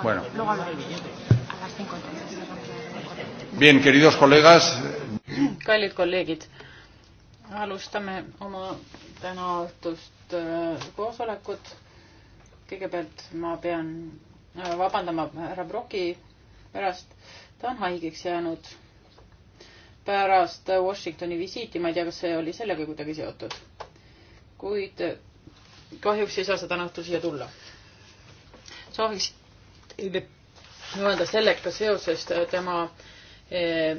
Bueno. Bien, queridos colegas. kallid kolleegid, alustame oma tänaõhtust äh, koosolekut. kõigepealt ma pean äh, vabandama härra Broki pärast, ta on haigeks jäänud pärast Washingtoni visiiti, ma ei tea, kas see oli sellega kuidagi seotud, kuid äh, kahjuks ei saa seda õhtul siia tulla. sooviks nii-öelda sellega seoses tema eh,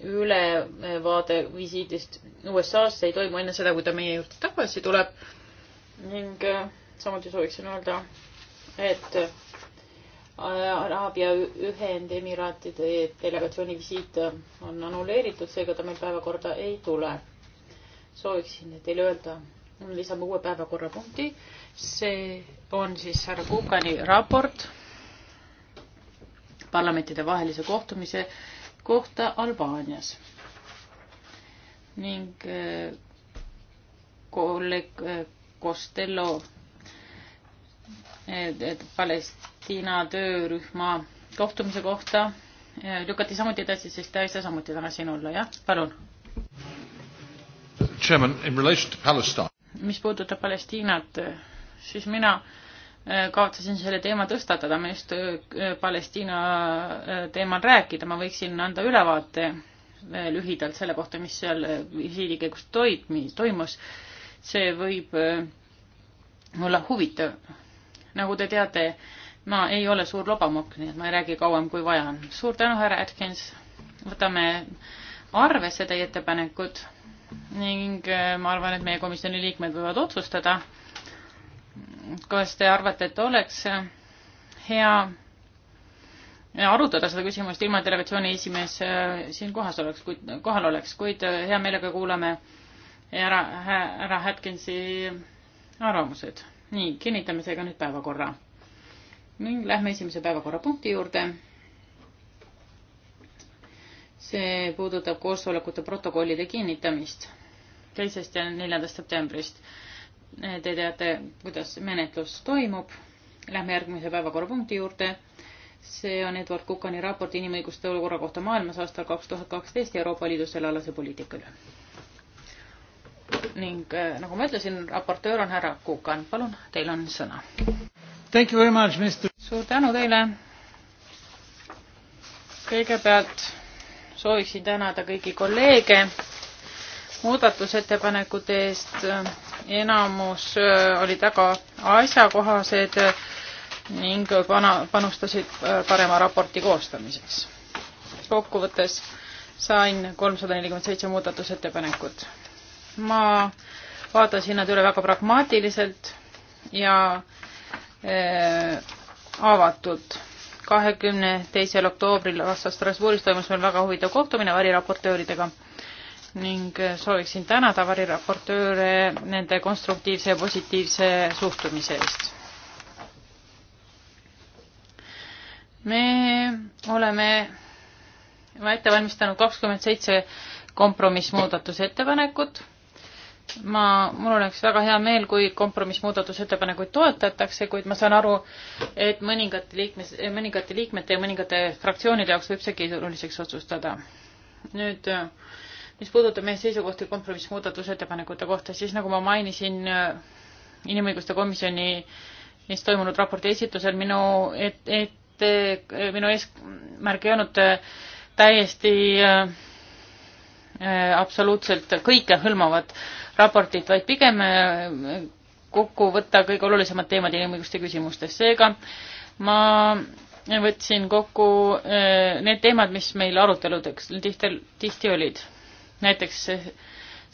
ülevaade visiidist USA-sse ei toimu enne seda, kui ta meie juurde tagasi tuleb. ning eh, samuti sooviksin öelda, et eh, Araabia Ühendemiraatide delegatsiooni visiit on annuleeritud, seega ta meil päevakorda ei tule. sooviksin teile öelda, lisame uue päevakorrapunkti, see on siis härra Kukani raport parlamentide vahelise kohtumise kohta Albaanias. ning eh, kolleeg eh, Costello eh, Palestiina töörühma kohtumise kohta lükati samuti edasi, sest ta ei saa samuti täna siin olla, jah, palun. mis puudutab Palestiinat, siis mina Äh, kavatsesin selle teema tõstatada, ma just äh, Palestiina äh, teemal rääkida, ma võiksin anda ülevaate lühidalt selle kohta, mis seal visiidi käigus toimus. see võib olla huvitav. nagu te teate, ma ei ole suur lobamokk, nii et ma ei räägi kauem, kui vaja on. suur tänu, härra Atkins. võtame arvesse teie ettepanekud ning ma arvan, et meie komisjoni liikmed võivad otsustada kas te arvate, et oleks hea arutada seda küsimust ilma delegatsiooni esimees äh, siin kohas oleks, kuid kohal oleks, kuid äh, hea meelega kuulame ära härra Atkinsi arvamused. nii, kinnitame seega nüüd päevakorra ning lähme esimese päevakorrapunkti juurde. see puudutab koosolekute protokollide kinnitamist teisest ja neljandast septembrist Te teate, kuidas menetlus toimub. Lähme järgmise päevakorrapunkti juurde. see on Edward Kukani raport inimõiguste olukorra kohta maailmas aastal kaks tuhat kaksteist Euroopa Liidu sellealase poliitika üle. ning äh, nagu ma ütlesin, raportöör on härra Kukan, palun, teil on sõna. suur tänu teile. kõigepealt sooviksin tänada kõiki kolleege muudatusettepanekute eest enamus äh, olid väga asjakohased äh, ning pana-, panustasid äh, parema raporti koostamiseks. kokkuvõttes sain kolmsada nelikümmend seitse muudatusettepanekut. ma vaatasin nad üle väga pragmaatiliselt ja äh, avatult. kahekümne teisel oktoobril vastas Strasbourgis toimus meil väga huvitav kohtumine variraportööridega ning sooviksin tänada variraportööre nende konstruktiivse ja positiivse suhtumise eest. me oleme ette valmistanud kakskümmend seitse kompromissmuudatusettepanekut. ma, mul oleks väga hea meel, kui kompromissmuudatusettepanekuid toetatakse, kuid ma saan aru, et mõningate liikmes, mõningate liikmete ja mõningate fraktsioonide jaoks võib see keeruliseks otsustada. nüüd äh, mis puudutab meie seisukohti kompromissmuudatusettepanekute kohta, siis nagu ma mainisin äh, inimõiguste komisjoni neist toimunud raporti esitusel, minu et, et äh, minu eesmärk ei olnud äh, täiesti äh, absoluutselt kõikehõlmavat raportit, vaid pigem kokku võtta kõige olulisemad teemad inimõiguste küsimustes. seega ma võtsin kokku need teemad, mis meil aruteludeks tihti, tihti olid näiteks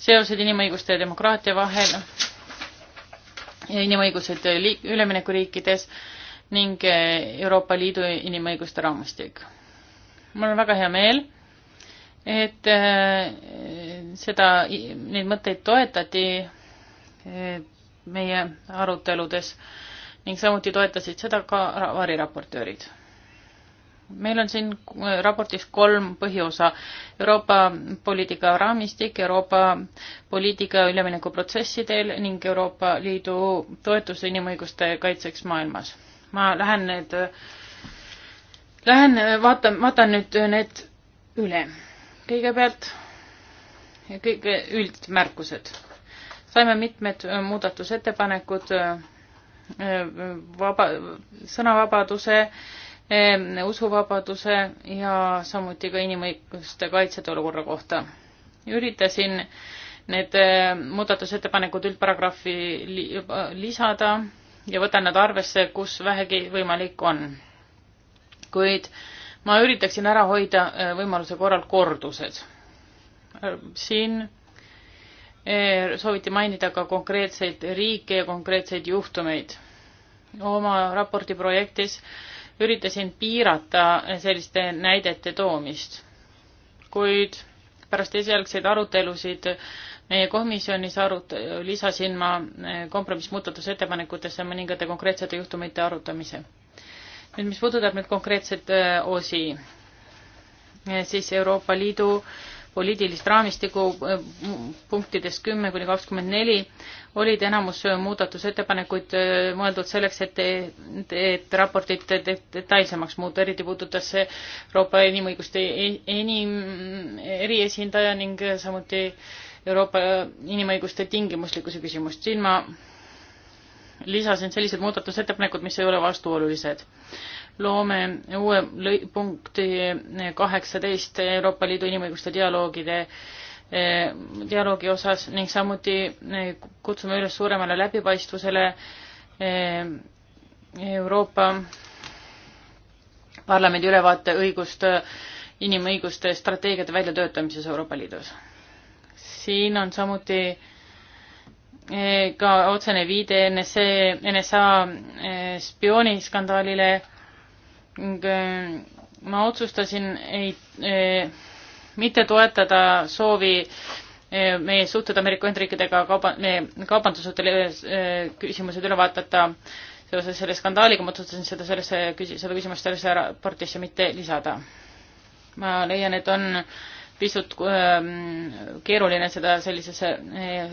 seosed inimõiguste ja demokraatia vahel ja inimõigused üleminekuriikides ning Euroopa Liidu inimõiguste raamistik. mul on väga hea meel, et äh, seda, neid mõtteid toetati äh, meie aruteludes ning samuti toetasid seda ka variraportöörid meil on siin äh, raportis kolm põhiosa. Euroopa poliitika raamistik, Euroopa poliitika üleminekuprotsessidel ning Euroopa Liidu toetus inimõiguste kaitseks maailmas. ma lähen need, äh, lähen äh, vaatan, vaatan nüüd need üle. kõigepealt kõige üldmärkused. saime mitmed muudatusettepanekud vaba, sõnavabaduse äh, Ehm, usuvabaduse ja samuti ka inimõiguste kaitsjate olukorra kohta. üritasin need ehm, muudatusettepanekud üldparagrahvi lisada ja võtan nad arvesse, kus vähegi võimalik on. kuid ma üritaksin ära hoida ehm, võimaluse korral kordused. siin sooviti mainida ka konkreetseid riike ja konkreetseid juhtumeid. oma raporti projektis üritasin piirata selliste näidete toomist. kuid pärast esialgseid arutelusid meie komisjonis arut-, lisasin ma eh, kompromissmuudatusettepanekutesse mõningate konkreetsete juhtumite arutamise. nüüd, mis puudutab nüüd konkreetset eh, osi, eh, siis Euroopa Liidu äh, poliitilist raamistikku eh, punktidest kümme kuni kakskümmend neli olid enamus eh, muudatusettepanekuid eh, mõeldud selleks, et, et raportit detailsemaks muuta, eriti puudutas see Euroopa inimõiguste e-, enim, eriesindaja ning samuti Euroopa inimõiguste tingimuslikkuse küsimust. siin ma lisasin sellised muudatusettepanekud, mis ei ole vastuolulised loome uue punkti kaheksateist Euroopa Liidu inimõiguste dialoogide dialoogi osas ning samuti kutsume üles suuremale läbipaistvusele eh, Euroopa Parlamendi ülevaate õigust inimõiguste strateegiate väljatöötamises Euroopa Liidus. siin on samuti eh, ka otsene viide NSA, e, NSA eh, spiooniskandaalile ning äh, ma otsustasin ei, äh, mitte toetada soovi äh, meie suhted Ameerika Ühendriikidega kauba, meie kaubandussuhtele küsimused üle vaadata seoses selle skandaaliga, ma otsustasin seda sellesse, seda küsimust sellesse raportisse mitte lisada. ma leian, et on pisut ähm, keeruline seda sellisesse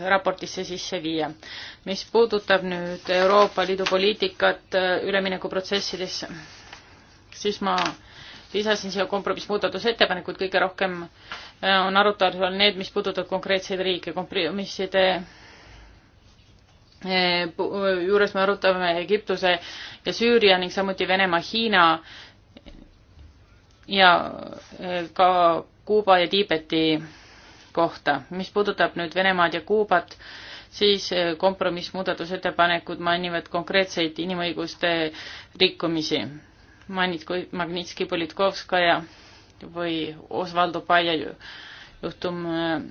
raportisse sisse viia. mis puudutab nüüd Euroopa Liidu poliitikat üleminekuprotsessides, siis ma lisasin siia kompromissmuudatusettepanekud, kõige rohkem äh, on arutelu all need, mis puudutavad konkreetseid riike, kompromisside äh, juures me arutame Egiptuse ja Süüria ning samuti Venemaa, Hiina ja äh, ka Kuuba ja Tiibeti kohta. mis puudutab nüüd Venemaad ja Kuubat, siis kompromissmuudatusettepanekud mainivad konkreetseid inimõiguste rikkumisi Magnitski, Politkovskaja või Osvaldo Paia juhtum äh,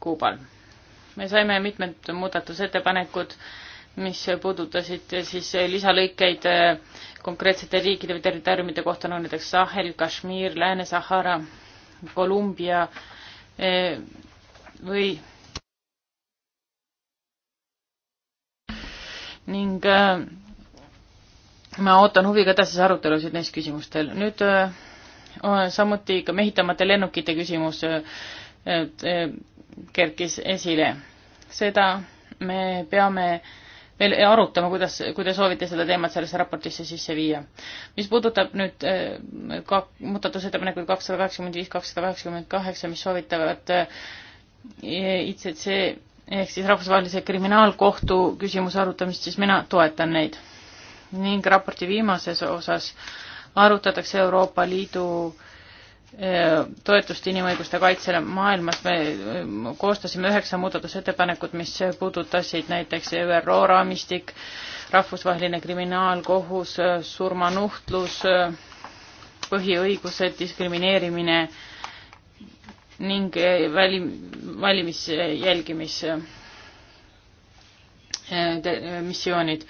Kuubal. me saime mitmed muudatusettepanekud, mis puudutasid siis lisalõikeid äh, konkreetsete riikide või territooriumide kohta, no näiteks Sahel, Kashmir, Lääne-Sahara, Kolumbia äh, või ning ma ootan huviga edasisi arutelusid neis küsimustel. nüüd äh, samuti ka mehitamata lennukite küsimus äh, äh, kerkis esile. seda me peame veel arutama, kuidas, kui te soovite seda teemat sellesse raportisse sisse viia. mis puudutab nüüd ka muudatusettepanekuid kakssada kaheksakümmend viis, kakssada kaheksakümmend kaheksa, mis soovitavad ICC ehk siis Rahvusvahelise Kriminaalkohtu küsimuse arutamist, siis mina toetan neid ning raporti viimases osas arutatakse Euroopa Liidu eh, toetust inimõiguste kaitsele maailmas. me eh, koostasime üheksa muudatusettepanekut, mis puudutasid näiteks ÜRO raamistik, rahvusvaheline kriminaalkohus, surmanuhtlus, põhiõigused, diskrimineerimine ning eh, väli, valimis jälgimismissioonid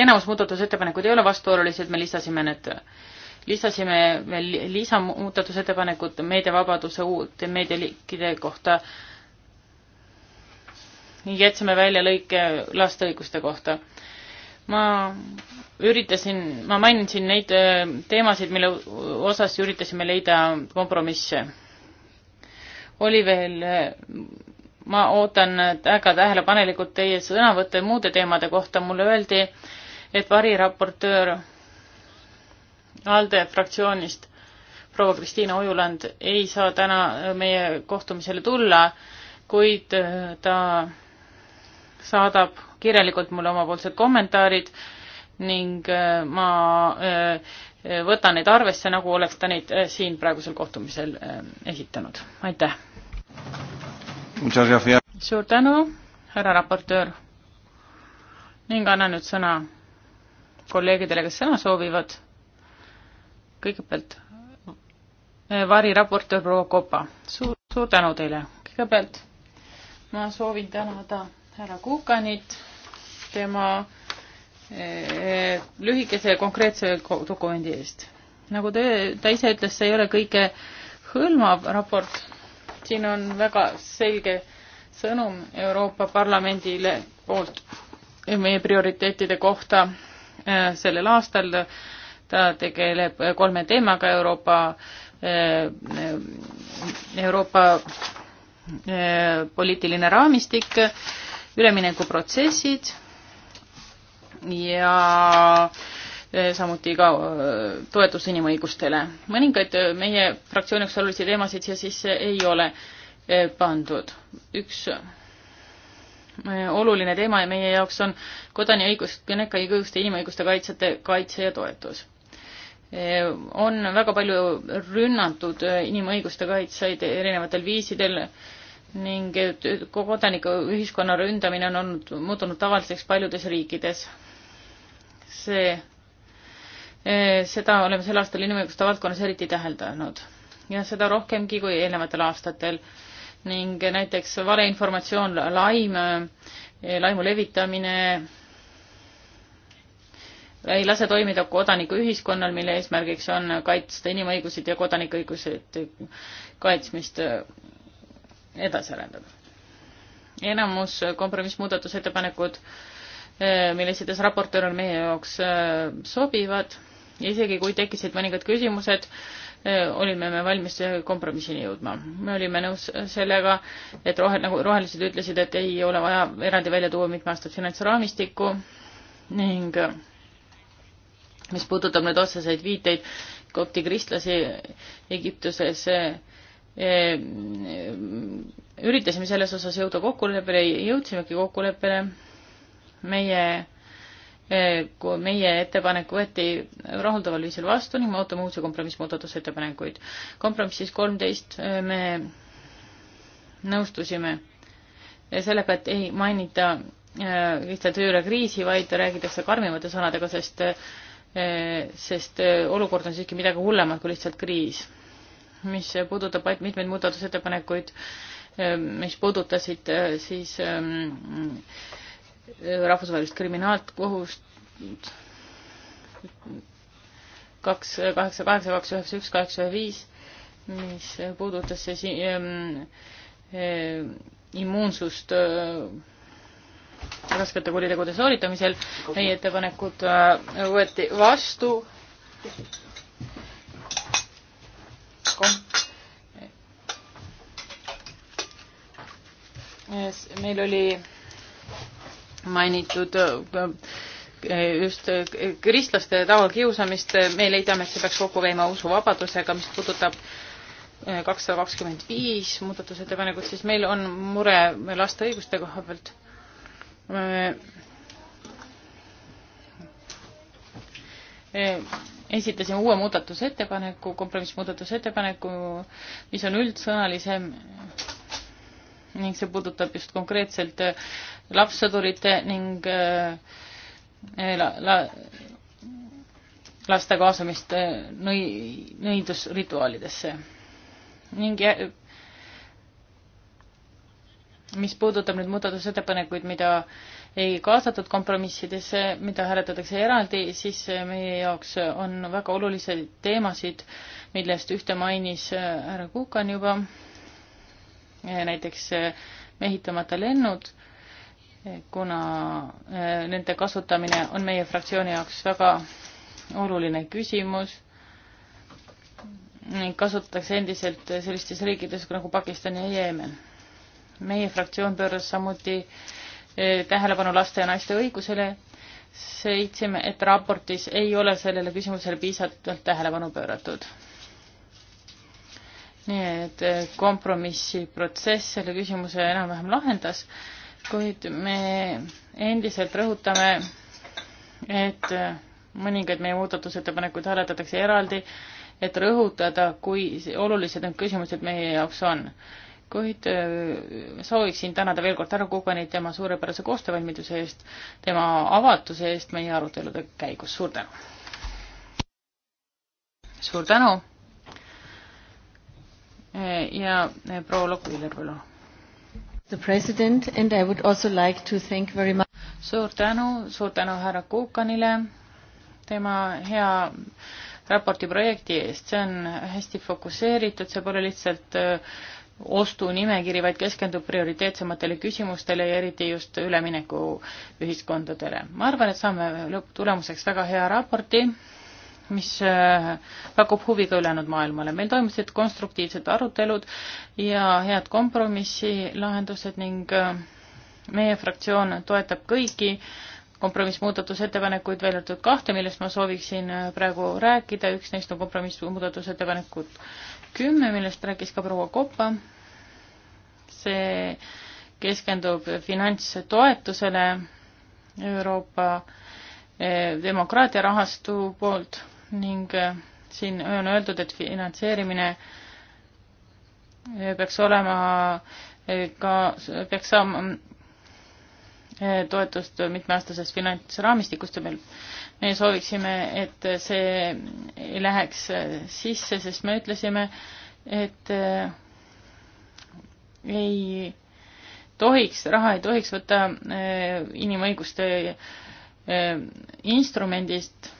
enamus muudatusettepanekuid ei ole vastuolulised, me lisasime need, lisasime veel lisamuudatusettepanekud meediavabaduse uute meedialiikide kohta. jätsime välja lõike laste õiguste kohta. ma üritasin, ma mainisin neid äh, teemasid, mille osas üritasime leida kompromisse. oli veel, äh, ma ootan väga tähelepanelikult teie sõnavõtte muude teemade kohta, mulle öeldi, et variraportöör ALDE fraktsioonist proua Kristiina Ojuland ei saa täna meie kohtumisele tulla, kuid äh, ta saadab kirjalikult mulle omapoolsed kommentaarid ning äh, ma äh, võtan neid arvesse, nagu oleks ta neid siin praegusel kohtumisel esitanud. aitäh! suur tänu, härra raportöör! ning annan nüüd sõna kolleegidele, kes sõna soovivad. kõigepealt eh, variraportöör proua Kopa, suur, suur tänu teile. kõigepealt ma soovin tänada härra Kukanit tema eh, lühikese ja konkreetse dokumendi eest. nagu te, ta ise ütles, see ei ole kõige hõlmav raport, siin on väga selge sõnum Euroopa Parlamendile poolt meie prioriteetide kohta Äh, sellel aastal. ta tegeleb kolme teemaga Euroopa, äh, Euroopa äh, poliitiline raamistik, üleminekuprotsessid ja samuti ka toetus inimõigustele. mõningaid meie fraktsiooni jaoks olulisi teemasid siia sisse ei ole pandud. üks oluline teema ja meie jaoks on kodaniõigust, kõnekaõiguste, inimõiguste kaitsjate kaitse ja toetus. on väga palju rünnatud inimõiguste kaitsjaid erinevatel viisidel ning kodanikuühiskonna ründamine on olnud, muutunud tavaliseks paljudes riikides. see, seda oleme sel aastal inimõiguste valdkonnas eriti täheldanud ja seda rohkemgi kui eelnevatel aastatel ning näiteks valeinformatsioon, laim, laimu levitamine ei lase toimida kodanikuühiskonnal, mille eesmärgiks on kaitsta inimõigused ja kodanikuõigused kaitsmist edasi arendada. enamus kompromissmuudatusettepanekud, mille esitas raportöör, on meie jaoks sobivad, isegi kui tekkisid mõningad küsimused, Äh, olime me valmis kompromissini jõudma. me olime nõus sellega, et rohe, nagu rohelised ütlesid, et ei ole vaja eraldi välja tuua mitmeaastast finantsraamistikku ning äh, mis puudutab nüüd otseseid viiteid kopti kristlasi Egiptuses, äh, üritasime selles osas jõuda kokkuleppele, jõudsimegi kokkuleppele. meie Eh, kui meie ettepanek võeti rahuldaval viisil vastu ning me ootame uusi kompromissmuudatusettepanekuid. kompromissis kolmteist eh, me nõustusime eh, sellega, et ei mainita lihtsalt üürikriisi, vaid räägitakse karmimate sõnadega, sest sest olukord on siiski midagi hullemat kui lihtsalt kriis. mis puudutab vaid mitmeid muudatusettepanekuid, mis puudutasid siis ehm, rahvusvahelist kriminaalkohust kaks, kaheksa, kaheksa, kaks, üheksa, üks, kaheksa, viis, mis puudutas siis ähm, äh, immuunsust äh, raskete kuritegude sooritamisel. meie ettepanekud äh, võeti vastu. meil oli mainitud äh, just äh, kristlaste tavakiusamist, me leiame, et see peaks kokku käima usuvabadusega, mis puudutab äh, kakssada kakskümmend viis muudatusettepanekut, siis meil on mure laste õiguste koha pealt. esitasime uue muudatusettepaneku, kompromissmuudatusettepaneku, mis on üldsõnalisem ning see puudutab just konkreetselt äh, lapssõdurite ning äh, la, la, laste kaasamist äh, nõi-, nõidusrituaalidesse. ning jä, mis puudutab nüüd muudatusettepanekuid, mida ei kaasatud kompromissidesse, mida hääletatakse eraldi, siis meie jaoks on väga olulisi teemasid, millest ühte mainis härra Kukan juba, Eh, näiteks eh, mehitamata lennud, eh, kuna nende kasutamine on meie fraktsiooni jaoks väga oluline küsimus ning kasutatakse endiselt sellistes riikides nagu Pakistan ja Jeemen. meie fraktsioon pööras samuti tähelepanu laste ja naiste õigusele, seitsime, et raportis ei ole sellele küsimusele piisavalt tähelepanu pööratud nii et eh, kompromissiprotsess selle küsimuse enam-vähem lahendas, kuid me endiselt rõhutame, et eh, mõningaid meie muudatusettepanekuid hääletatakse eraldi, et rõhutada, kui olulised need küsimused meie jaoks on. kuid eh, sooviksin tänada veel kord härra Kukanit tema suurepärase koostöövalmiduse eest, tema avatuse eest meie arutelude käigus, suur tänu! suur tänu! ja eh, proua Lokvile, palun. The president and I would also like to thank very much. suur tänu, suur tänu härra Kukanile tema hea raporti projekti eest, see on hästi fokusseeritud, see pole lihtsalt eh, ostunimekiri, vaid keskendub prioriteetsematele küsimustele ja eriti just ülemineku ühiskondadele. ma arvan, et saame lõpptulemuseks väga hea raporti mis äh, pakub huvi ka ülejäänud maailmale. meil toimusid konstruktiivsed arutelud ja head kompromissilahendused ning äh, meie fraktsioon toetab kõiki kompromissmuudatusettepanekuid, välja arvatud kahte, millest ma sooviksin äh, praegu rääkida, üks neist on kompromissmuudatusettepanekud kümme, millest rääkis ka proua Koppa. see keskendub finantstoetusele Euroopa demokraatia rahastu poolt ning äh, siin on öeldud, et finantseerimine äh, peaks olema äh, ka, peaks saama toetust mitmeaastasest finantsraamistikust ja meil, me sooviksime, et see ei läheks sisse, sest me ütlesime, et ei tohiks, raha ei tohiks võtta inimõiguste instrumendist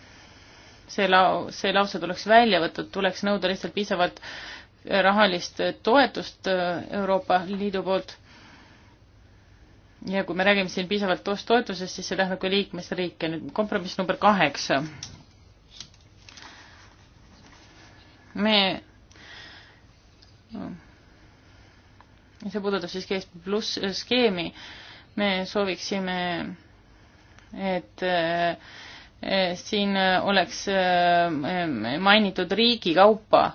see lau-, see lause tuleks välja võtta, tuleks nõuda lihtsalt piisavalt äh, rahalist äh, toetust äh, Euroopa Liidu poolt. ja kui me räägime siin piisavalt toetusest, siis see tähendab ka liikmesriike, nüüd kompromiss number kaheksa. me ja see puudutab siis GSP pluss skeemi, me sooviksime, et äh, Eh, siin eh, oleks eh, mainitud riigi kaupa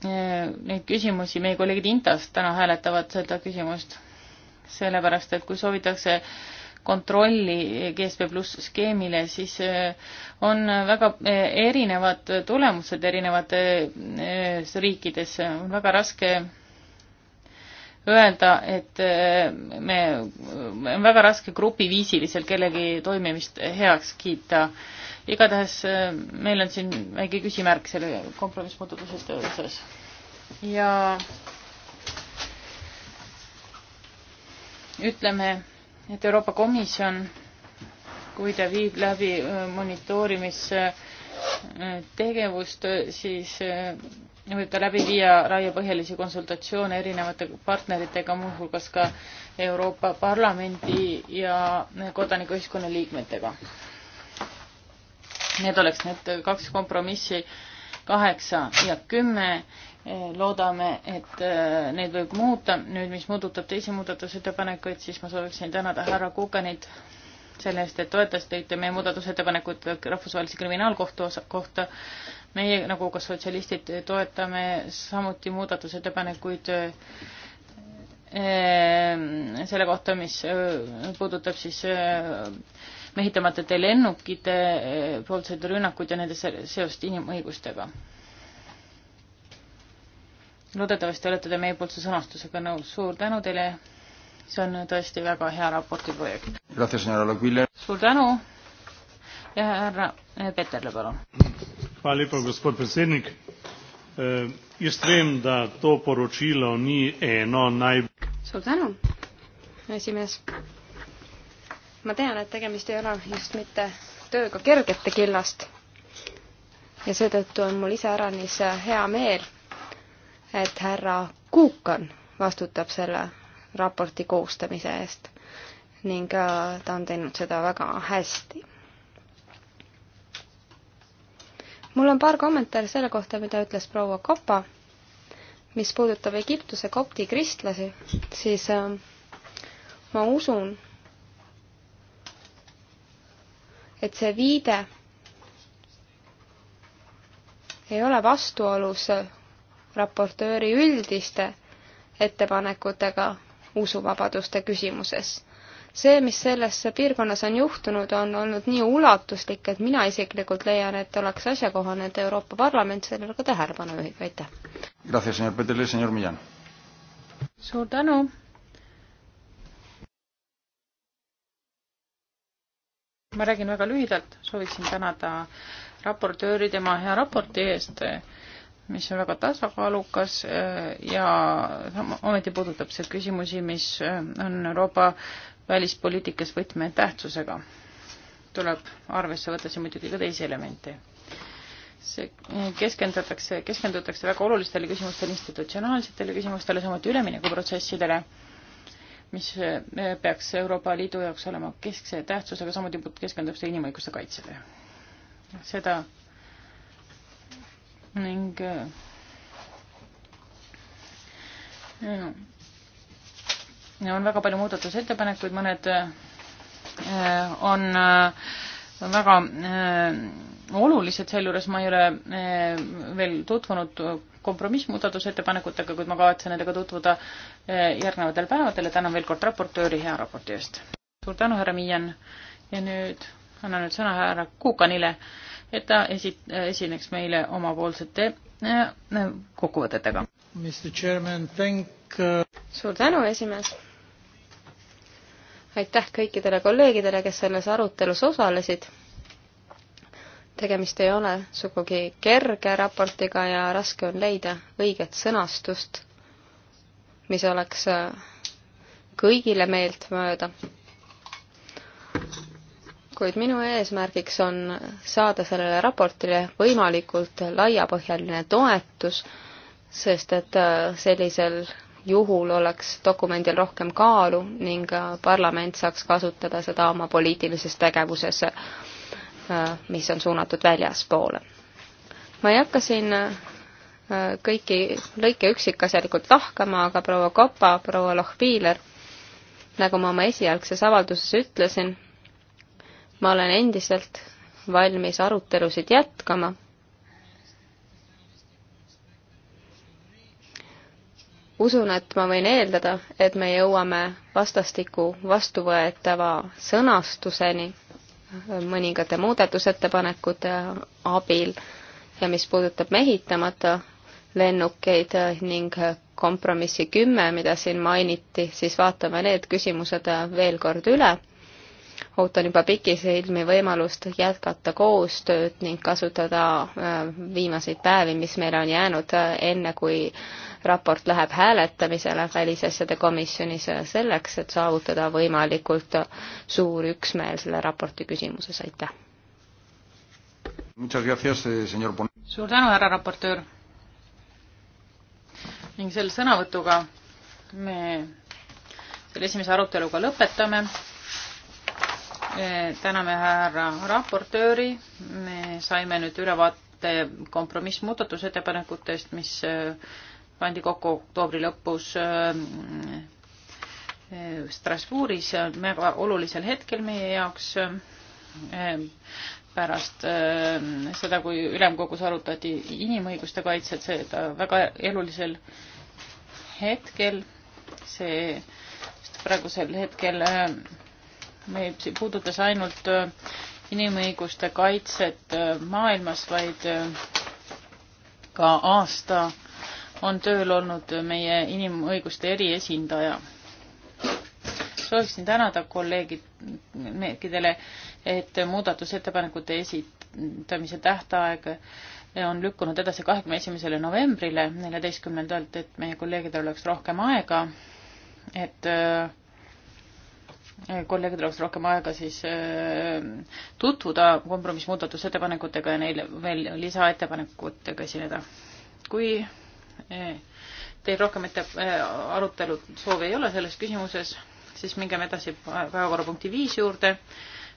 neid küsimusi, meie kolleegid Intast täna hääletavad seda küsimust, sellepärast et kui soovitakse kontrolli GSP pluss skeemile, siis on väga erinevad tulemused erinevates riikides, on väga raske öelda, et me, eh, me, on väga raske grupiviisiliselt kellegi toimimist heaks kiita. igatahes eh, meil on siin väike küsimärk selle kompromissmuudatuse osas. ja ütleme, et Euroopa Komisjon, kui ta viib läbi monitoorimistegevust, siis eh, võib ta läbi viia laiapõhjalisi konsultatsioone erinevate partneritega, muuhulgas ka Euroopa Parlamendi ja kodanikuühiskonna liikmetega. Need oleks need kaks kompromissi, kaheksa ja kümme. loodame, et äh, neid võib muuta. nüüd, mis puudutab teisi muudatusettepanekuid, siis ma sooviksin tänada härra Kukanit selle eest, et toetasite meie muudatusettepanekut Rahvusvahelise Kriminaalkohtu kohta. meie nagu ka sotsialistid toetame samuti muudatusettepanekuid ehm, selle kohta, mis ehm, puudutab siis ehm, mehitamatute lennukite poolseid rünnakuid ja nende seost inimõigustega. loodetavasti olete te meie poolt see sõnastusega nõus. suur tänu teile see on tõesti väga hea raporti projekt. suur tänu ja härra eh, Peterle, palun. Hvala lepa, gospod predsednik. Eh, jaz vem, da to poročilo ni eno naj... Suur tänu, esimees. ma tean, et tegemist ei ole just mitte tööga kergete killast. ja seetõttu on mul iseäranis hea meel, et härra Kuukan vastutab selle raporti koostamise eest ning äh, ta on teinud seda väga hästi. mul on paar kommentaari selle kohta, mida ütles proua Kopa, mis puudutab Egiptuse kopti kristlasi, siis äh, ma usun, et see viide ei ole vastuolus raportööri üldiste ettepanekutega usuvabaduste küsimuses. see, mis selles piirkonnas on juhtunud, on olnud nii ulatuslik, et mina isiklikult leian, et oleks asjakohane, et Euroopa Parlament sellele ka tähelepanu juhib, aitäh. suur tänu. ma räägin väga lühidalt, sooviksin tänada raportööri tema hea raporti eest mis on väga tasakaalukas äh, ja ometi puudutab see küsimusi, mis äh, on Euroopa välispoliitikas võtmetähtsusega. tuleb arvesse võtta siin muidugi ka teisi elemente. see äh, keskendatakse, keskendutakse väga olulistele küsimustele, institutsionaalsetele küsimustele, samuti üleminekuprotsessidele, mis peaks Euroopa Liidu jaoks olema keskse tähtsusega, samuti keskendub see inimõiguste kaitsele. seda ning äh, no, on väga palju muudatusettepanekuid, mõned äh, on äh, väga olulised, sealjuures ma ei ole veel tutvunud kompromissmuudatusettepanekutega, kuid ma kavatsen nendega tutvuda järgnevatel päevadel ja tänan veel kord raportööri hea raporti eest. suur tänu, härra Miian ja nüüd annan nüüd sõna härra Kuukanile et ta esi-, esineks meile omapoolsete äh, kokkuvõtetega. Uh, suur tänu, esimees! aitäh kõikidele kolleegidele, kes selles arutelus osalesid. tegemist ei ole sugugi kerge raportiga ja raske on leida õiget sõnastust, mis oleks äh, kõigile meeltmööda kuid minu eesmärgiks on saada sellele raportile võimalikult laiapõhjaline toetus, sest et äh, sellisel juhul oleks dokumendil rohkem kaalu ning äh, parlament saaks kasutada seda oma poliitilises tegevuses, äh, mis on suunatud väljaspoole. ma ei hakka siin kõiki lõike üksikasjalikult lahkama, aga proua Kopa, proua Lohviiler, nagu ma oma esialgses avalduses ütlesin ma olen endiselt valmis arutelusid jätkama. usun, et ma võin eeldada, et me jõuame vastastikku vastuvõetava sõnastuseni mõningate muudatusettepanekute abil ja mis puudutab mehitamata lennukeid ning kompromissi kümme, mida siin mainiti, siis vaatame need küsimused veel kord üle ootan juba pikisilmi võimalust jätkata koostööd ning kasutada äh, viimaseid päevi, mis meile on jäänud, äh, enne kui raport läheb hääletamisele Välisasjade komisjonis, äh, selleks, et saavutada võimalikult suur üksmeel selle raporti küsimuses, aitäh! Eh, suur tänu, härra raportöör! ning selle sõnavõtuga me selle esimese aruteluga lõpetame täname härra raportööri, me saime nüüd ülevaate kompromissmuudatusettepanekutest, mis äh, pandi kokku oktoobri lõpus äh, äh, Strasbourgis, väga olulisel hetkel meie jaoks pärast seda, kui ülemkogus arutati inimõiguste kaitset, seda väga elulisel hetkel, see praegusel hetkel me ei puudutas ainult äh, inimõiguste kaitset äh, maailmas, vaid äh, ka aasta on tööl olnud meie inimõiguste eriesindaja. sooviksin tänada kolleegidele, et muudatusettepanekute esitamise tähtaeg on lükkunud edasi kahekümne esimesele novembrile, neljateistkümnendalt, et meie kolleegidel oleks rohkem aega, et äh, kolleegidel oleks rohkem aega siis äh, tutvuda kompromissmuudatusettepanekutega ja neile veel lisaettepanekutega esineda. kui äh, teil rohkem ette äh, arutelu soovi ei ole selles küsimuses, siis mingem edasi päevakorrapunkti viis juurde.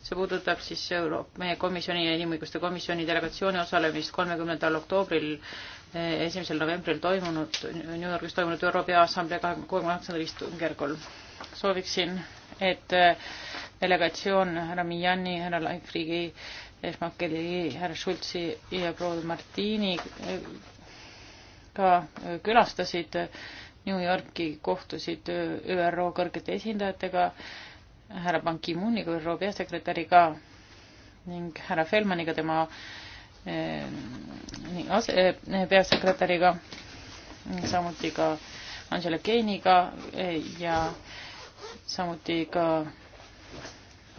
see puudutab siis Euro-, meie komisjoni ja inimõiguste komisjoni delegatsiooni osalemist kolmekümnendal oktoobril, esimesel novembril toimunud, New Yorgis toimunud ÜRO Peaassamblee kahekümne, kuuekümne kaheksandal istungjärgul. sooviksin et äh, delegatsioon härra Mijani, härra Laifrigi, Esmakeli, härra Schultzi ja proua Martini äh, ka äh, külastasid New Yorki, kohtusid ÜRO kõrgete esindajatega, härra Ban Ki-mooniga, ÜRO peasekretäriga ning härra Feldmaniga, tema ase-, peasekretäriga, samuti ka Angela Keiniga ja äh, samuti ka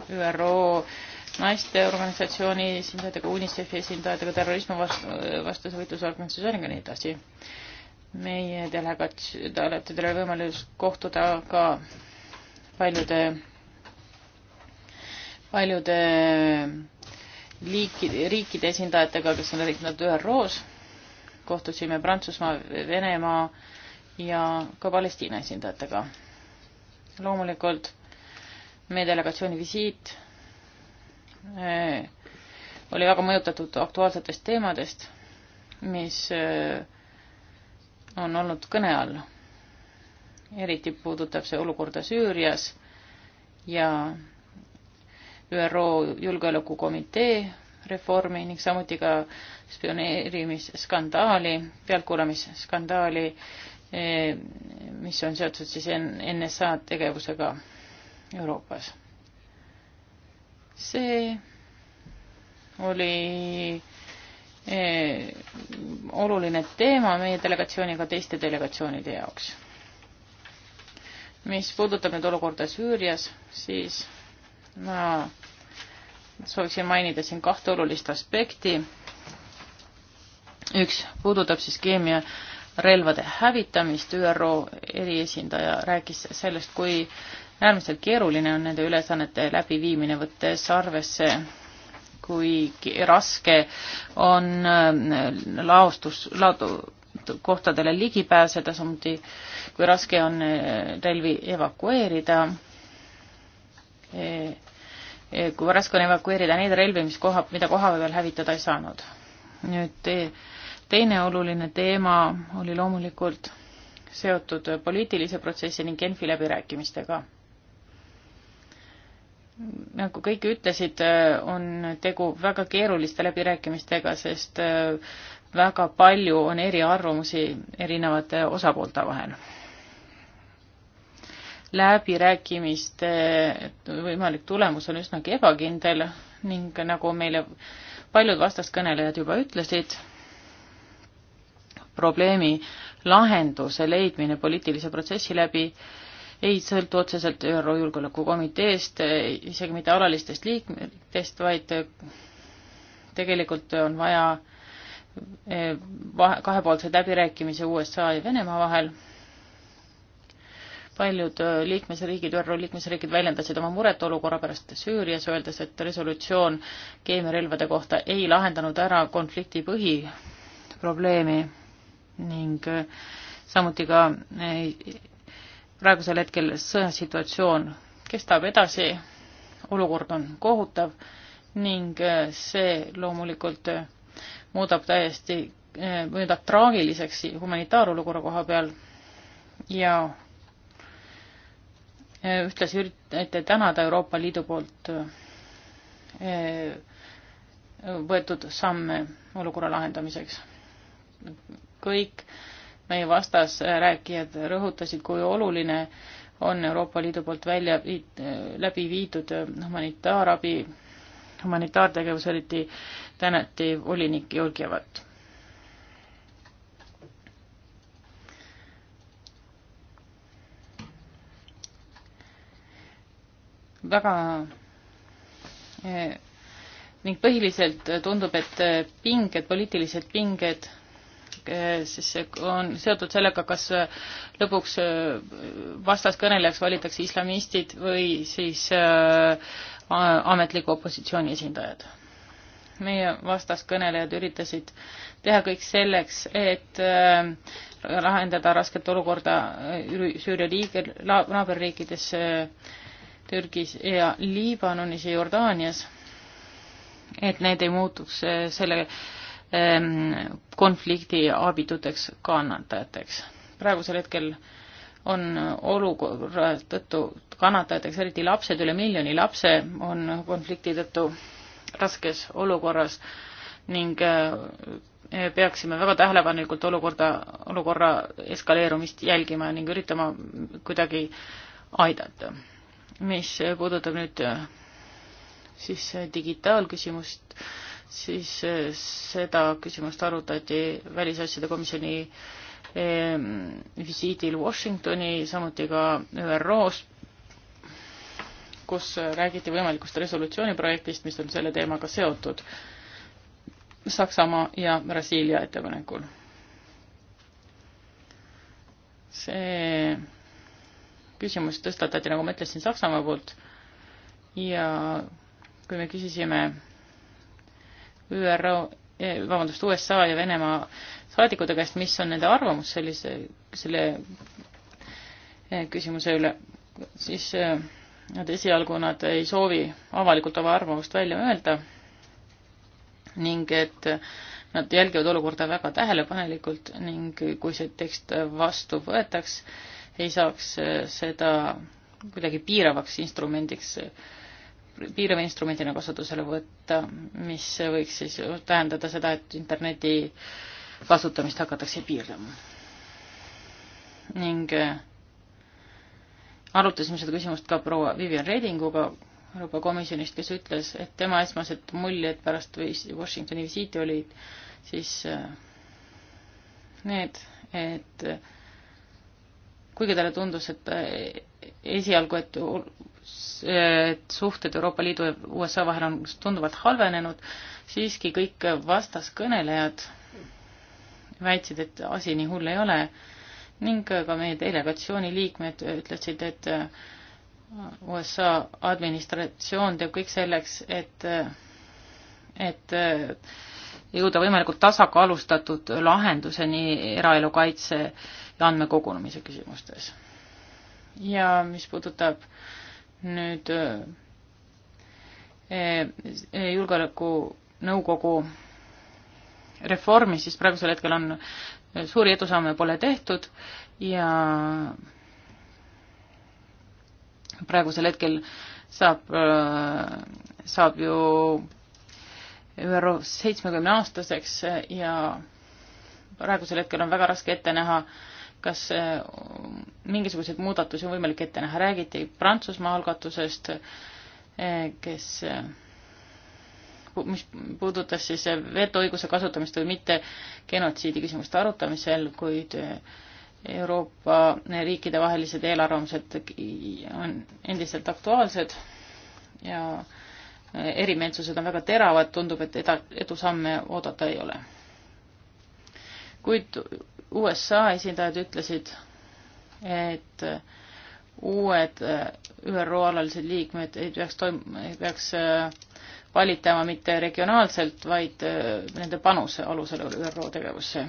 ÜRO naisteorganisatsiooni esindajatega, UNICEFi esindajatega, terrorismi vastu, vastase võitluse organisatsiooniga ja nii edasi. meie delegats-, delegaatidel oli võimalus kohtuda ka paljude, paljude liiki, riikide esindajatega, kes on erinevad ÜRO-s, kohtusime Prantsusmaa, Venemaa ja ka Palestiina esindajatega loomulikult meie delegatsiooni visiit eh, oli väga mõjutatud aktuaalsetest teemadest, mis eh, on olnud kõne all. eriti puudutab see olukorda Süürias ja ÜRO Julgeolekukomitee reformi ning samuti ka spioneerimisskandaali, pealtkuulamisskandaali Eh, mis on seotud siis NSA tegevusega Euroopas. see oli eh, oluline teema meie delegatsiooni ja ka teiste delegatsioonide jaoks. mis puudutab nüüd olukorda Süürias, siis ma sooviksin mainida siin kahte olulist aspekti. üks puudutab siis keemia äh, relvade hävitamist. ÜRO eriesindaja rääkis sellest, kui äärmiselt keeruline on nende ülesannete läbiviimine, võttes arvesse, kui raske on äh, laostus, laodu, kohtadele ligi pääseda, samuti kui raske on äh, relvi evakueerida, e-, e-, kui raske on evakueerida neid relvi, mis koha, mida koha peal hävitada ei saanud. nüüd e- teine oluline teema oli loomulikult seotud poliitilise protsessi ning Genfi läbirääkimistega. nagu kõik ütlesid, on tegu väga keeruliste läbirääkimistega, sest väga palju on eriarvamusi erinevate osapoolte vahel. läbirääkimiste võimalik tulemus on üsnagi ebakindel ning nagu meile paljud vastaskõnelejad juba ütlesid, probleemi lahenduse leidmine poliitilise protsessi läbi ei sõltu otseselt ÜRO Julgeolekukomiteest, isegi mitte alalistest liikmetest, vaid tegelikult on vaja eh, kahepoolseid läbirääkimisi USA ja Venemaa vahel. paljud eh, liikmesriigid, ÜRO liikmesriigid väljendasid oma muret olukorra pärast Süürias, öeldes, et resolutsioon keemiarelvade kohta ei lahendanud ära konflikti põhiprobleemi ning äh, samuti ka äh, praegusel hetkel sõjasituatsioon kestab edasi, olukord on kohutav ning äh, see loomulikult muudab täiesti, muudab traagiliseks humanitaarolukorra koha peal ja ühtlasi üritate tänada Euroopa Liidu poolt võetud samme olukorra lahendamiseks kõik meie vastasrääkijad rõhutasid, kui oluline on Euroopa Liidu poolt välja viid-, läbi viidud humanitaarabi, humanitaartegevus, eriti tänati volinik Georgievat. väga eh, ning põhiliselt tundub, et pinged, poliitilised pinged Eh, siis on seotud sellega, kas eh, lõpuks eh, vastaskõnelejaks valitakse islamistid või siis ametliku opositsiooni esindajad. meie vastaskõnelejad üritasid teha kõik selleks, et lahendada rasket olukorda Süüria liige, naaberriikides Türgis ja Liibanonis ja Jordaanias, et need ei muutuks selle Ähm, konflikti abituteks kannatajateks. praegusel hetkel on olukorra tõttu kannatajateks eriti lapsed, üle miljoni lapse on konflikti tõttu raskes olukorras ning äh, peaksime väga tähelepanelikult olukorda, olukorra eskaleerumist jälgima ning üritama kuidagi aidata. mis puudutab nüüd äh, siis digitaalküsimust, siis eh, seda küsimust arutati välisasjade komisjoni ehm, visiidil Washingtoni, samuti ka ÜRO-s, kus räägiti võimalikust resolutsiooniprojektist, mis on selle teemaga seotud Saksamaa ja Brasiilia ettepanekul. see küsimus tõstatati, nagu ma ütlesin, Saksamaa poolt ja kui me küsisime ÜRO, eh, vabandust, USA ja Venemaa saadikute käest, mis on nende arvamus sellise, selle eh, küsimuse üle, siis eh, nad esialgu, nad ei soovi avalikult oma arvamust välja öelda ning et nad jälgivad olukorda väga tähelepanelikult ning kui see tekst vastu võetaks, ei saaks seda kuidagi piiravaks instrumendiks äh, piirava instrumendina kasutusele võtta, mis võiks siis tähendada seda, et interneti kasutamist hakatakse piirama. ning äh, arutasime seda küsimust ka proua Vivian Redinguga Euroopa Komisjonist, kes ütles, et tema esmased muljed pärast Washingtoni visiiti olid siis äh, need, et äh, kuigi talle tundus, et esialgu, et suhted Euroopa Liidu ja USA vahel on tunduvalt halvenenud, siiski kõik vastaskõnelejad väitsid, et asi nii hull ei ole ning ka meie delegatsiooni liikmed ütlesid, et USA administratsioon teeb kõik selleks, et, et jõuda võimalikult tasakaalustatud lahenduseni eraelu kaitse ja andmekogunemise küsimustes. ja mis puudutab äh, nüüd äh, äh, julgeolekunõukogu reformi, siis praegusel hetkel on äh, suuri edusamme pole tehtud ja praegusel hetkel saab, saab ju ÜRO seitsmekümne aastaseks ja praegusel hetkel on väga raske ette näha, kas mingisuguseid muudatusi on võimalik ette näha, räägiti Prantsusmaa algatusest, eh, kes, eh, mis puudutas siis vetoõiguse kasutamist või mitte genotsiidi küsimuste arutamisel, kuid eh, Euroopa riikide vahelised eelarvamused on endiselt aktuaalsed ja erimeelsused on väga teravad, tundub, et eda-, edusamme oodata ei ole. kuid USA esindajad ütlesid, et uued äh, ÜRO alalised liikmed ei peaks toim-, ei peaks äh, valitama mitte regionaalselt, vaid äh, nende panuse alusel ÜRO tegevusse.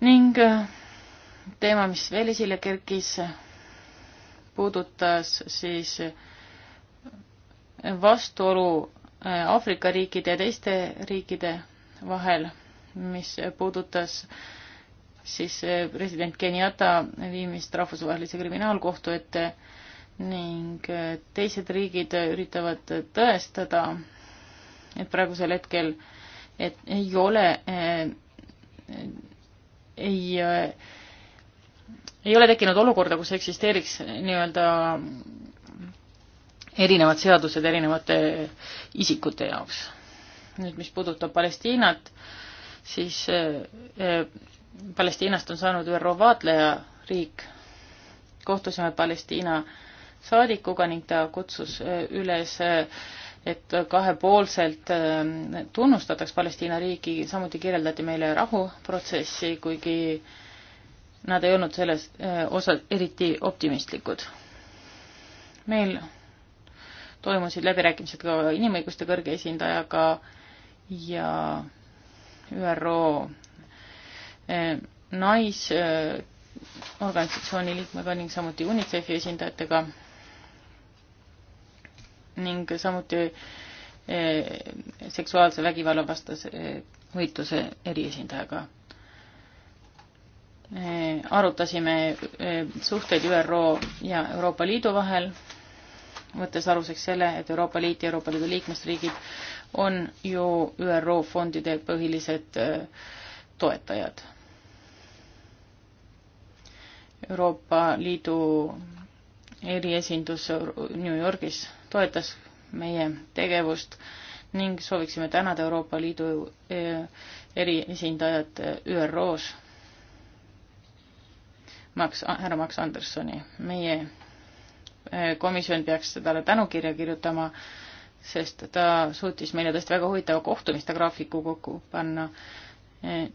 ning teema, mis veel esile kerkis, puudutas siis vastuolu Aafrika riikide ja teiste riikide vahel, mis puudutas äh, siis president Kenyatta viimist rahvusvahelise kriminaalkohtu ette ning äh, teised riigid üritavad tõestada, et praegusel hetkel, et ei ole äh,, ei äh, ei ole tekkinud olukorda, kus eksisteeriks nii-öelda erinevad seadused erinevate isikute jaoks. nüüd, mis puudutab Palestiinat, siis äh, äh Palestiinast on saanud ÜRO vaatleja riik. kohtusime Palestiina saadikuga ning ta kutsus äh, üles, äh, et kahepoolselt äh, tunnustataks Palestiina riiki, samuti kirjeldati meile rahuprotsessi, kuigi nad ei olnud selles osas eriti optimistlikud. meil toimusid läbirääkimised ka inimõiguste kõrge esindajaga ja ÜRO Eh, naisorganisatsiooni liikmega ning samuti UNICEFi esindajatega ning samuti eh, seksuaalse vägivalla vastase eh, võitluse eriesindajaga. arutasime suhteid ÜRO ja Euroopa Liidu vahel, võttes aluseks selle, et Euroopa Liit ja Euroopa Liidu liikmesriigid on ju ÜRO fondide põhilised toetajad Euroopa Liidu eriesindus New Yorgis toetas meie tegevust ning sooviksime tänada Euroopa Liidu e, eriesindajat e, ÜRO-s, Max, härra Max Andersoni. meie e, komisjon peaks talle tänukirja kirjutama, sest ta suutis meile tõesti väga huvitava kohtumiste graafiku kokku panna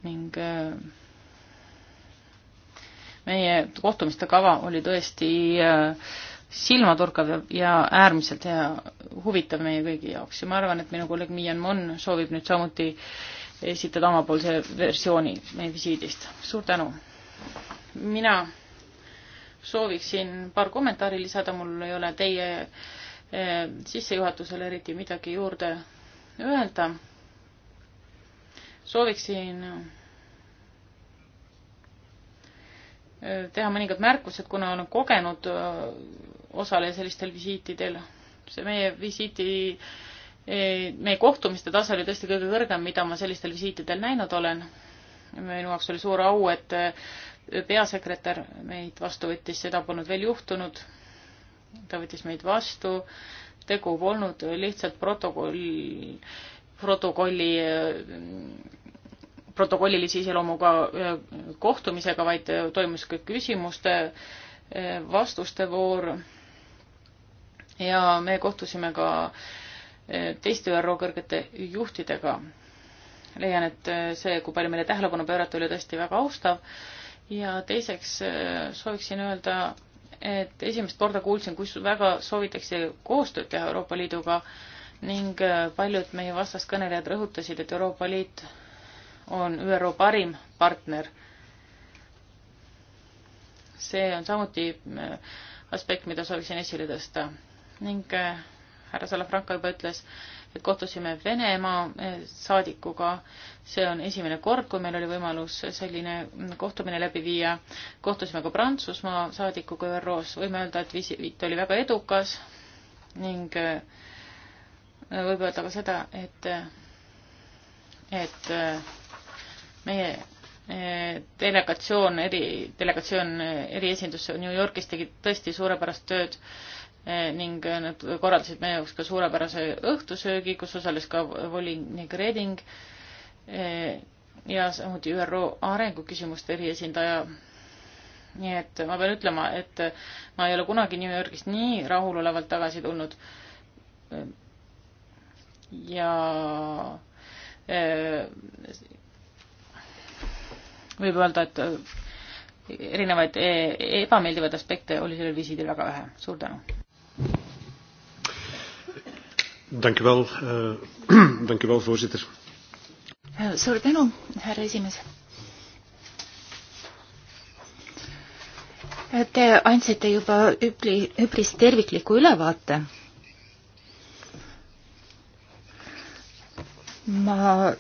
ning meie kohtumiste kava oli tõesti äh, silmatorkav ja äärmiselt hea, huvitav meie kõigi jaoks ja ma arvan, et minu kolleeg Miian Mon soovib nüüd samuti esitada omapoolse versiooni meie visiidist. suur tänu! mina sooviksin paar kommentaari lisada, mul ei ole teie äh, sissejuhatusele eriti midagi juurde öelda. sooviksin teha mõningad märkused, kuna olen kogenud äh, osaleja sellistel visiitidel. see meie visiiti, e, meie kohtumiste tase oli tõesti kõige kõrgem, mida ma sellistel visiitidel näinud olen. minu jaoks oli suur au, et e, peasekretär meid vastu võttis, seda polnud veel juhtunud. ta võttis meid vastu, tegu polnud lihtsalt protokoll, protokolli e, protokollilise iseloomuga äh, kohtumisega, vaid äh, toimus ka küsimuste, äh, vastuste voor. ja me kohtusime ka teiste ÜRO kõrgete juhtidega. leian, et see, kui palju meile tähelepanu pöörati, oli tõesti väga austav. ja teiseks sooviksin öelda, et esimest korda kuulsin, kus väga soovitakse koostööd teha Euroopa Liiduga ning paljud meie vastaskõnelejad rõhutasid, et Euroopa Liit on ÜRO parim partner. see on samuti äh, aspekt, mida sooviksin esile tõsta ning äh, härra Salafranco juba ütles, et kohtusime Venemaa äh, saadikuga. see on esimene kord, kui meil oli võimalus selline kohtumine läbi viia. kohtusime ka Prantsusmaa saadikuga ÜRO-s. võime öelda, et visiit oli väga edukas ning võib öelda ka seda, et, et meie eh, delegatsioon, eri, delegatsioon eh, eriesindusse New Yorgis tegi tõesti suurepärast tööd eh, ning nad korraldasid meie jaoks ka suurepärase õhtusöögi, kus osales ka volinik Reding ja samuti ÜRO arenguküsimuste eriesindaja. nii et ma pean ütlema, et ma ei ole kunagi New Yorgist nii rahulolevalt tagasi tulnud. ja võib öelda, et äh, erinevaid äh, ebameeldivaid aspekte oli sellel visiidil väga vähe. suur tänu. Eh, eh, suur tänu, härra esimees. Eh, te andsite juba üpli, üpris tervikliku ülevaate ma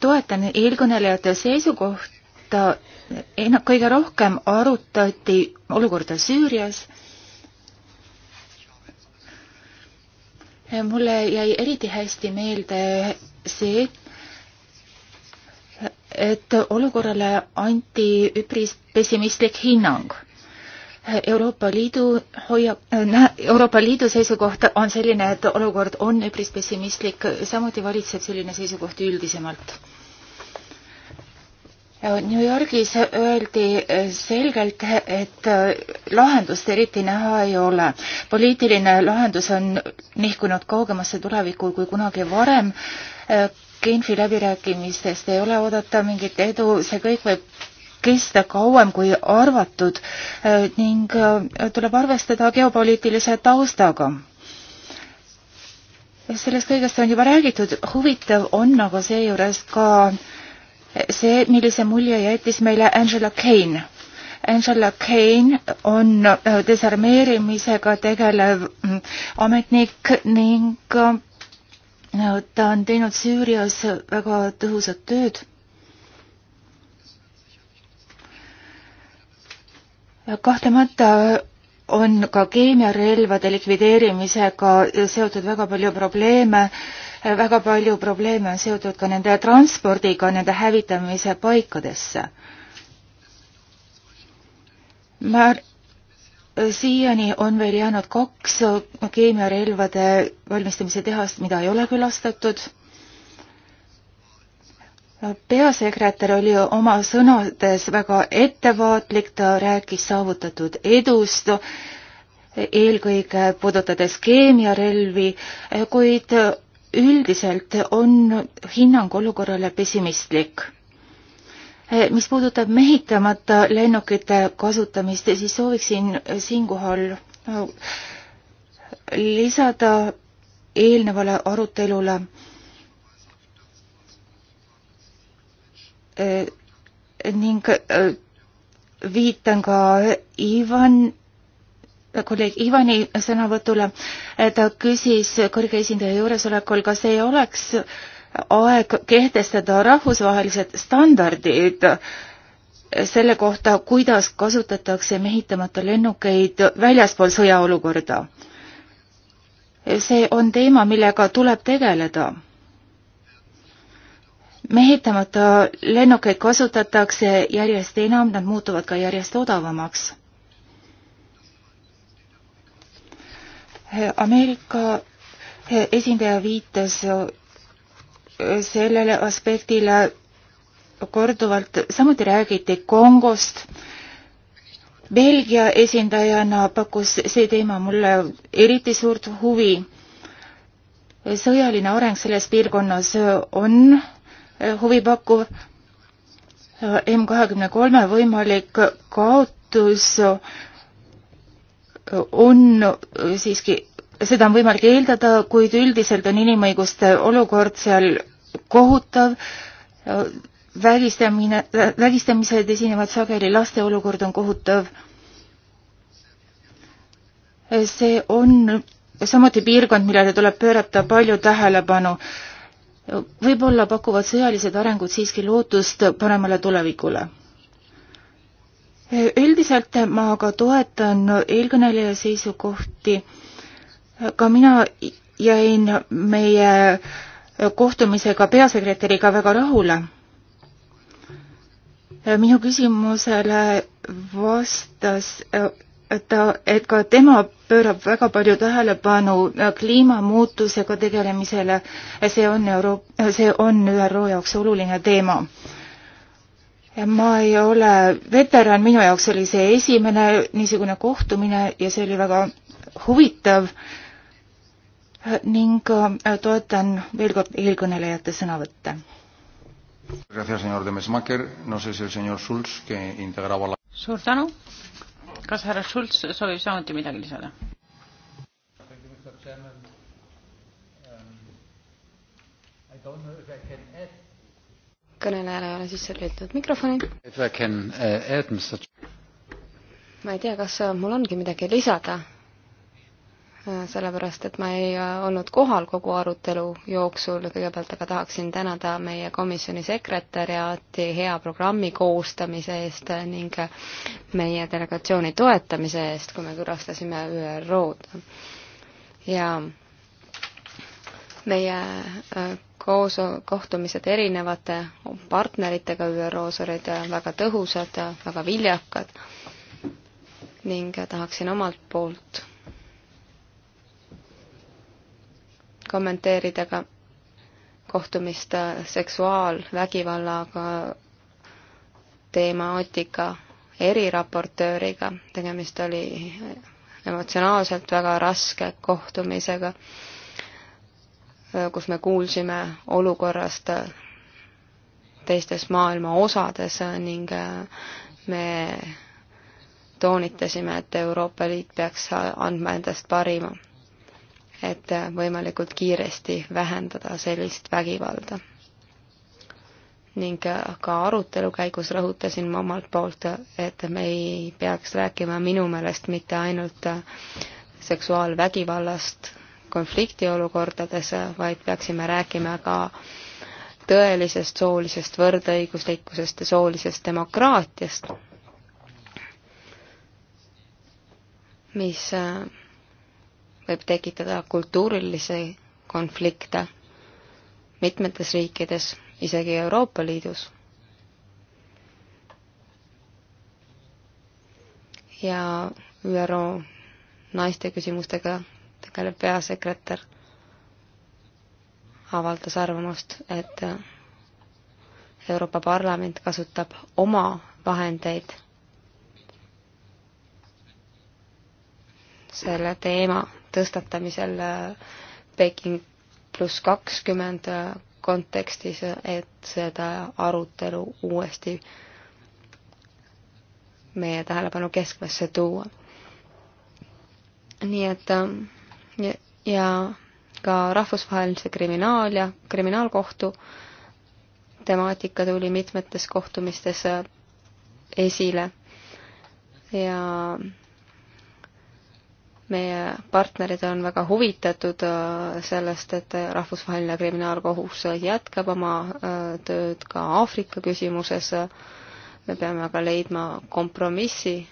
toetan eelkõnelejate seisukohti, et eh, noh, kõige rohkem arutati olukorda Süürias. mulle jäi eriti hästi meelde see, et olukorrale anti üpris pessimistlik hinnang. Euroopa Liidu hoiab, Euroopa Liidu seisukoht on selline, et olukord on üpris pessimistlik, samuti valitseb selline seisukoht üldisemalt New Yorgis öeldi eh, selgelt, et eh, lahendust eriti näha ei ole. poliitiline lahendus on nihkunud kaugemasse tulevikku kui kunagi varem. Eh, Genfi läbirääkimistest ei ole oodata mingit edu, see kõik võib kesta kauem kui arvatud ning tuleb arvestada geopoliitilise taustaga. sellest kõigest on juba räägitud, huvitav on aga seejuures ka äh, see, millise mulje jättis meile Angela Kane. Angela Kane on äh, desarmeerimisega tegelev mm, ametnik ning äh, ta on teinud Süürias väga tõhusat tööd kahtlemata on ka keemiarelvade likvideerimisega seotud väga palju probleeme Äh, väga palju probleeme on seotud ka nende transpordiga, nende hävitamise paikadesse. ma, siiani on veel jäänud kaks keemiarelvade valmistamise tehast, mida ei ole külastatud. peasekretär oli oma sõnades väga ettevaatlik, ta rääkis saavutatud edust eelkõige puudutades keemiarelvi, kuid üldiselt on hinnang olukorrale pessimistlik. mis puudutab mehitamata lennukite kasutamist, siis sooviksin siinkohal lisada eelnevale arutelule eh, ning eh, viitan ka Ivan kolleeg Ivani sõnavõtule. ta küsis kõrge esindaja juuresolekul, kas ei oleks aeg kehtestada rahvusvahelised standardid selle kohta, kuidas kasutatakse mehitamata lennukeid väljaspool sõjaolukorda. see on teema, millega tuleb tegeleda mehitamata lennukeid kasutatakse järjest enam, nad muutuvad ka järjest odavamaks Ameerika esindaja viitas sellele aspektile korduvalt, samuti räägiti Kongost. Belgia esindajana pakkus see teema mulle eriti suurt huvi. sõjaline areng selles piirkonnas on huvipakkuv. M kahekümne kolme võimalik kaotus on siiski, seda on võimalik eeldada, kuid üldiselt on inimõiguste olukord seal kohutav, vägistamine, vägistamised esinevad sageli, laste olukord on kohutav. see on samuti piirkond, millele tuleb pöörata palju tähelepanu. võib-olla pakuvad sõjalised arengud siiski lootust paremale tulevikule üldiselt ma aga toetan eelkõneleja seisukohti. ka mina jäin meie kohtumisega peasekretäriga väga rahule. minu küsimusele vastas ta, et ka tema pöörab väga palju tähelepanu kliimamuutusega tegelemisele. see on Euro-, see on ÜRO jaoks oluline teema ma ei ole veteran, minu jaoks oli see esimene niisugune kohtumine ja see oli väga huvitav ning äh, toetan veel kord eelkõnelejate sõnavõtte. suur tänu. kas härra Schulz soovib samuti midagi lisada? Um, I don't know if I can add kõnelejale ei ole sisse lülitatud mikrofoni. Uh, ma ei tea, kas uh, mul ongi midagi lisada, uh, sellepärast et ma ei olnud kohal kogu arutelu jooksul, kõigepealt aga tahaksin tänada meie komisjoni sekretäriaati hea programmi koostamise eest ning meie delegatsiooni toetamise eest, kui me külastasime ÜRO-d. ja meie koos kohtumised erinevate partneritega ÜRO-s olid väga tõhusad, väga viljakad ning tahaksin omalt poolt kommenteerida ka kohtumist seksuaalvägivallaga teemaatika eriraportööriga, tegemist oli emotsionaalselt väga raske kohtumisega kus me kuulsime olukorrast teistes maailma osades ning äh, me toonitasime, et Euroopa Liit peaks andma endast parima, et võimalikult kiiresti vähendada sellist vägivalda. ning äh, ka arutelu käigus rõhutasin ma omalt poolt, et me ei peaks rääkima minu meelest mitte ainult äh, seksuaalvägivallast, konfliktiolukordades, vaid peaksime rääkima ka tõelisest soolisest võrdõiguslikkusest ja soolisest demokraatiast, mis äh, võib tekitada kultuurilisi konflikte mitmetes riikides, isegi Euroopa Liidus. ja ÜRO naiste küsimustega kelle peasekretär avaldas arvamust, et Euroopa Parlament kasutab oma vahendeid selle teema tõstatamisel Peking pluss kakskümmend kontekstis, et seda arutelu uuesti meie tähelepanu keskmesse tuua. nii et ähm, ja ka rahvusvahelise kriminaal- ja kriminaalkohtu temaatika tuli mitmetes kohtumistes äh, esile ja meie partnerid on väga huvitatud äh, sellest, et Rahvusvaheline Kriminaalkohus jätkab oma äh, tööd ka Aafrika küsimuses. me peame aga leidma kompromissi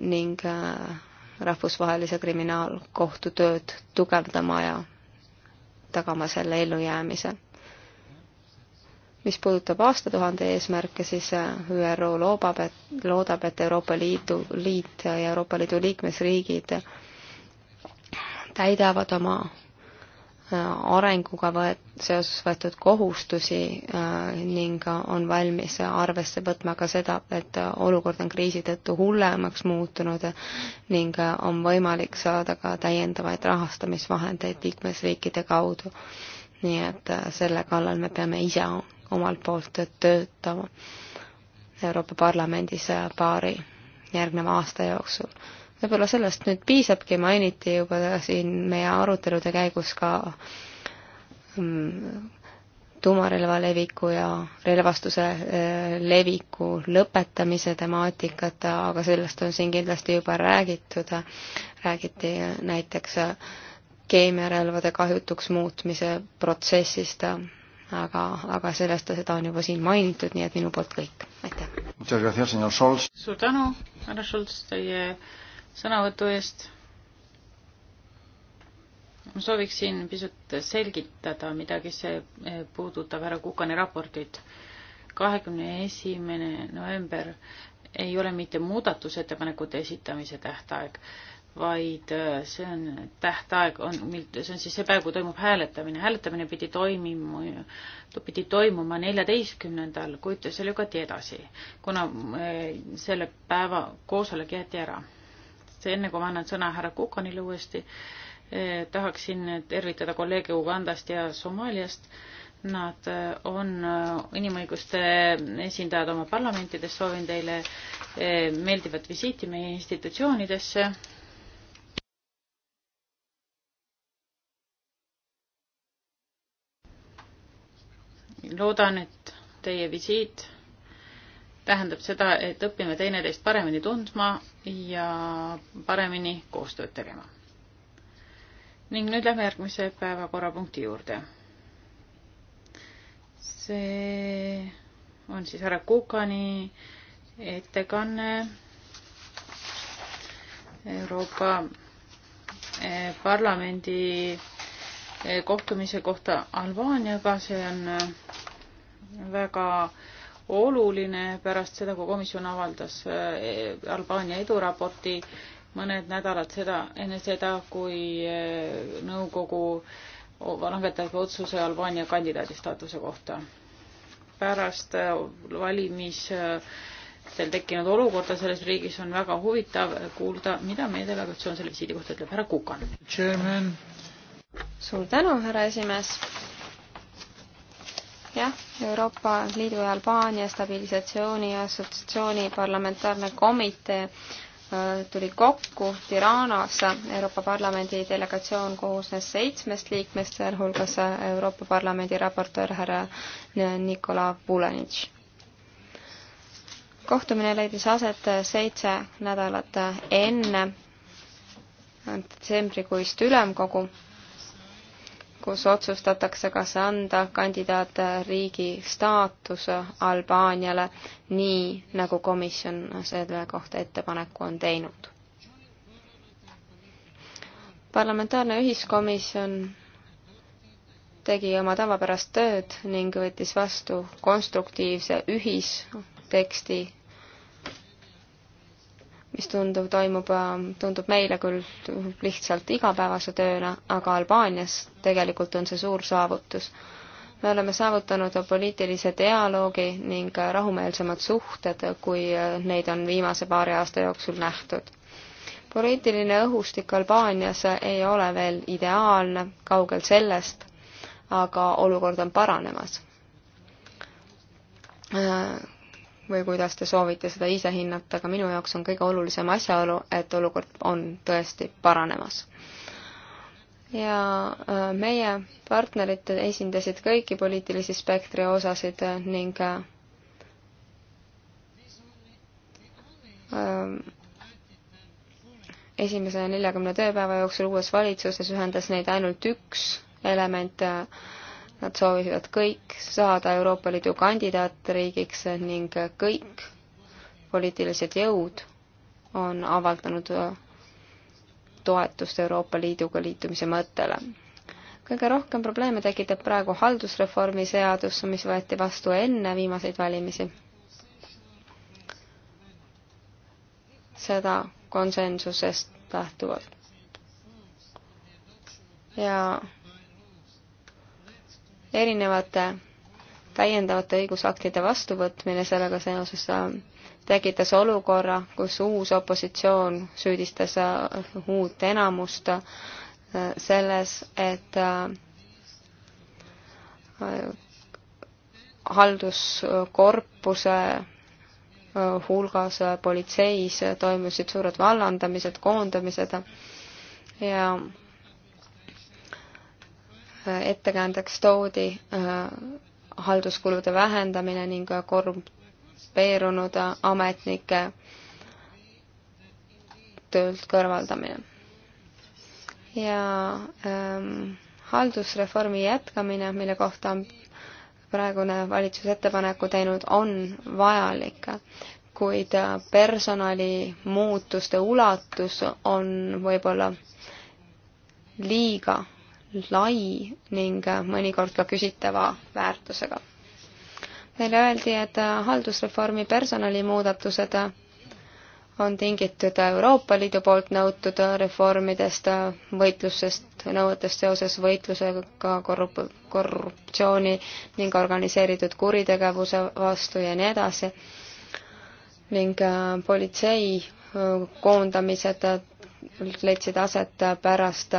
ning Rahvusvahelise Kriminaalkohtu tööd tugevdama ja tagama selle ellujäämise. mis puudutab aastatuhande eesmärke, siis äh, ÜRO loobab, et loodab, et Euroopa Liidu, Liit ja Euroopa Liidu liikmesriigid täidavad oma arenguga võet-, seoses võetud kohustusi äh, ning on valmis arvesse võtma ka seda, et olukord on kriisi tõttu hullemaks muutunud ning on võimalik saada ka täiendavaid rahastamisvahendeid liikmesriikide kaudu. nii et äh, selle kallal me peame ise omalt poolt töötama Euroopa Parlamendis äh, paari järgneva aasta jooksul võib-olla sellest nüüd piisabki, mainiti juba siin meie arutelude käigus ka mm, tuumarelva leviku ja relvastuse äh, leviku lõpetamise temaatikat, aga sellest on siin kindlasti juba räägitud, räägiti näiteks äh, keemiarelvade kahjutuks muutmise protsessist, aga, aga sellest, seda on juba siin mainitud, nii et minu poolt kõik, aitäh! suur tänu, härra Schultz, teie sõnavõtu eest. ma sooviksin pisut selgitada midagi, see eh, puudutab härra Kukani raportit. kahekümne esimene november ei ole mitte muudatusettepanekute esitamise tähtaeg, vaid eh, see on tähtaeg, on, see on siis see päev, kui toimub hääletamine. hääletamine pidi toimima, pidi toimuma neljateistkümnendal, kuid see lükati edasi, kuna eh, selle päeva koosolek jäeti ära enne kui ma annan sõna härra Kukanile uuesti eh,, tahaksin tervitada kolleege Ugandast ja Somaaliast. Nad eh, on eh, inimõiguste esindajad oma parlamentides, soovin teile eh, meeldivat visiiti meie institutsioonidesse loodan, et teie visiit tähendab seda, et õpime teineteist paremini tundma ja paremini koostööd tegema. ning nüüd lähme järgmise päevakorrapunkti juurde. see on siis härra Kukani ettekanne Euroopa eh, Parlamendi eh, kohtumise kohta Albaaniaga, see on eh, väga äh, oluline pärast seda, kui komisjon avaldas äh, Albaania eduraporti mõned nädalad seda, enne seda, kui äh, nõukogu langetab otsuse Albaania kandidaadi staatuse kohta. pärast äh, valimistel tekkinud olukorda selles riigis on väga huvitav kuulda, mida meie delegatsioon selle visiidi kohta ütleb. härra Kukan. suur tänu, härra esimees jah, Euroopa Liidu ja Albaania stabilisatsiooni assotsiatsiooni parlamentaarne komitee äh, tuli kokku Tiranas, Euroopa Parlamendi delegatsioon koosnes seitsmest liikmest, sealhulgas äh, Euroopa Parlamendi raportöör härra äh, Nikola Pulenitš. kohtumine leidis aset seitse nädalat enne detsembrikuist ülemkogu kus otsustatakse, kas anda kandidaatriigi staatus Albaaniale, nii nagu komisjon selle kohta ettepaneku on teinud. parlamentaarne ühiskomisjon tegi oma tavapärast tööd ning võttis vastu konstruktiivse ühisteksti mis tundub, toimub, ähm, tundub meile küll lihtsalt igapäevase tööna, aga Albaanias tegelikult on see suur saavutus. me oleme saavutanud poliitilise dialoogi ning äh, rahumeelsemad suhted, kui äh, neid on viimase paari aasta jooksul nähtud. poliitiline õhustik Albaanias ei ole veel ideaalne, kaugel sellest, aga olukord on paranemas äh, või kuidas te soovite seda ise hinnata, aga minu jaoks on kõige olulisem asjaolu, et olukord on tõesti paranemas. ja äh, meie partnerid esindasid kõiki poliitilisi spektri osasid ning äh, äh, esimese neljakümne tööpäeva jooksul uues valitsuses ühendas neid ainult üks element äh, Nad soovivad kõik saada Euroopa Liidu kandidaatriigiks ning kõik poliitilised jõud on avaldanud äh, toetust Euroopa Liiduga liitumise mõttele. kõige rohkem probleeme tekitab praegu haldusreformi seadus, mis võeti vastu enne viimaseid valimisi. seda konsensusest lähtuvalt. ja erinevate täiendavate õigusaktide vastuvõtmine sellega seoses äh, tekitas olukorra, kus uus opositsioon süüdistas äh, uut enamust äh, selles, et halduskorpuse hulgas politseis toimusid suured vallandamised, koondamised ja ettekäändeks toodi äh, halduskulude vähendamine ning korrumpeerunud ametnike töölt kõrvaldamine. ja ähm, haldusreformi jätkamine, mille kohta on praegune valitsus ettepaneku teinud, on vajalik, kuid personali muutuste ulatus on võib-olla liiga lai ning äh, mõnikord ka küsitava väärtusega. meile öeldi, et äh, haldusreformi personalimuudatused äh, on tingitud Euroopa Liidu poolt nõutud reformidest, võitlusest, nõuetest seoses võitlusega korrup-, korruptsiooni ning organiseeritud kuritegevuse vastu ja nii edasi, ning politsei koondamised leidsid aset pärast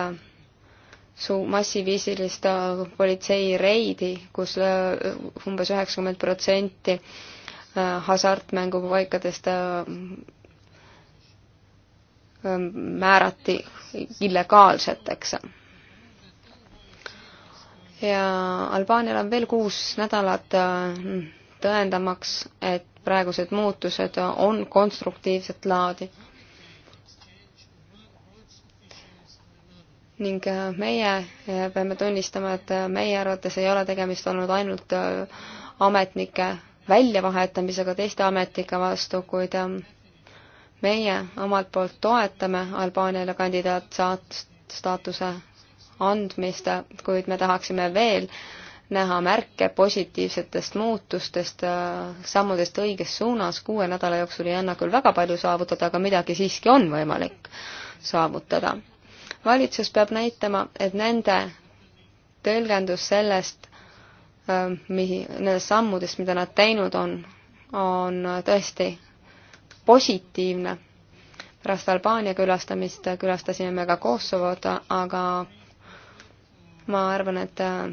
su-, massiviisilist äh, politseireidi, kus äh, umbes üheksakümmend protsenti äh, hasartmängupaikadest ähm, määrati illegaalseteks. ja Albaanial on veel kuus nädalat tõendamaks, et praegused muutused on konstruktiivset laadi ning äh, meie äh, peame tunnistama, et äh, meie arvates ei ole tegemist olnud ainult ametnike väljavahetamisega teiste ametnike vastu, kuid ähm, meie omalt poolt toetame Albaaniale kandidaatstaatuse andmist, kuid me tahaksime veel näha märke positiivsetest muutustest, sammudest õiges suunas, kuue nädala jooksul ei anna küll väga palju saavutada, aga midagi siiski on võimalik saavutada valitsus peab näitama, et nende tõlgendus sellest, äh, mihi-, nendest sammudest, mida nad teinud on, on tõesti positiivne. pärast Albaania külastamist külastasime me ka Kosovot, aga ma arvan, et äh,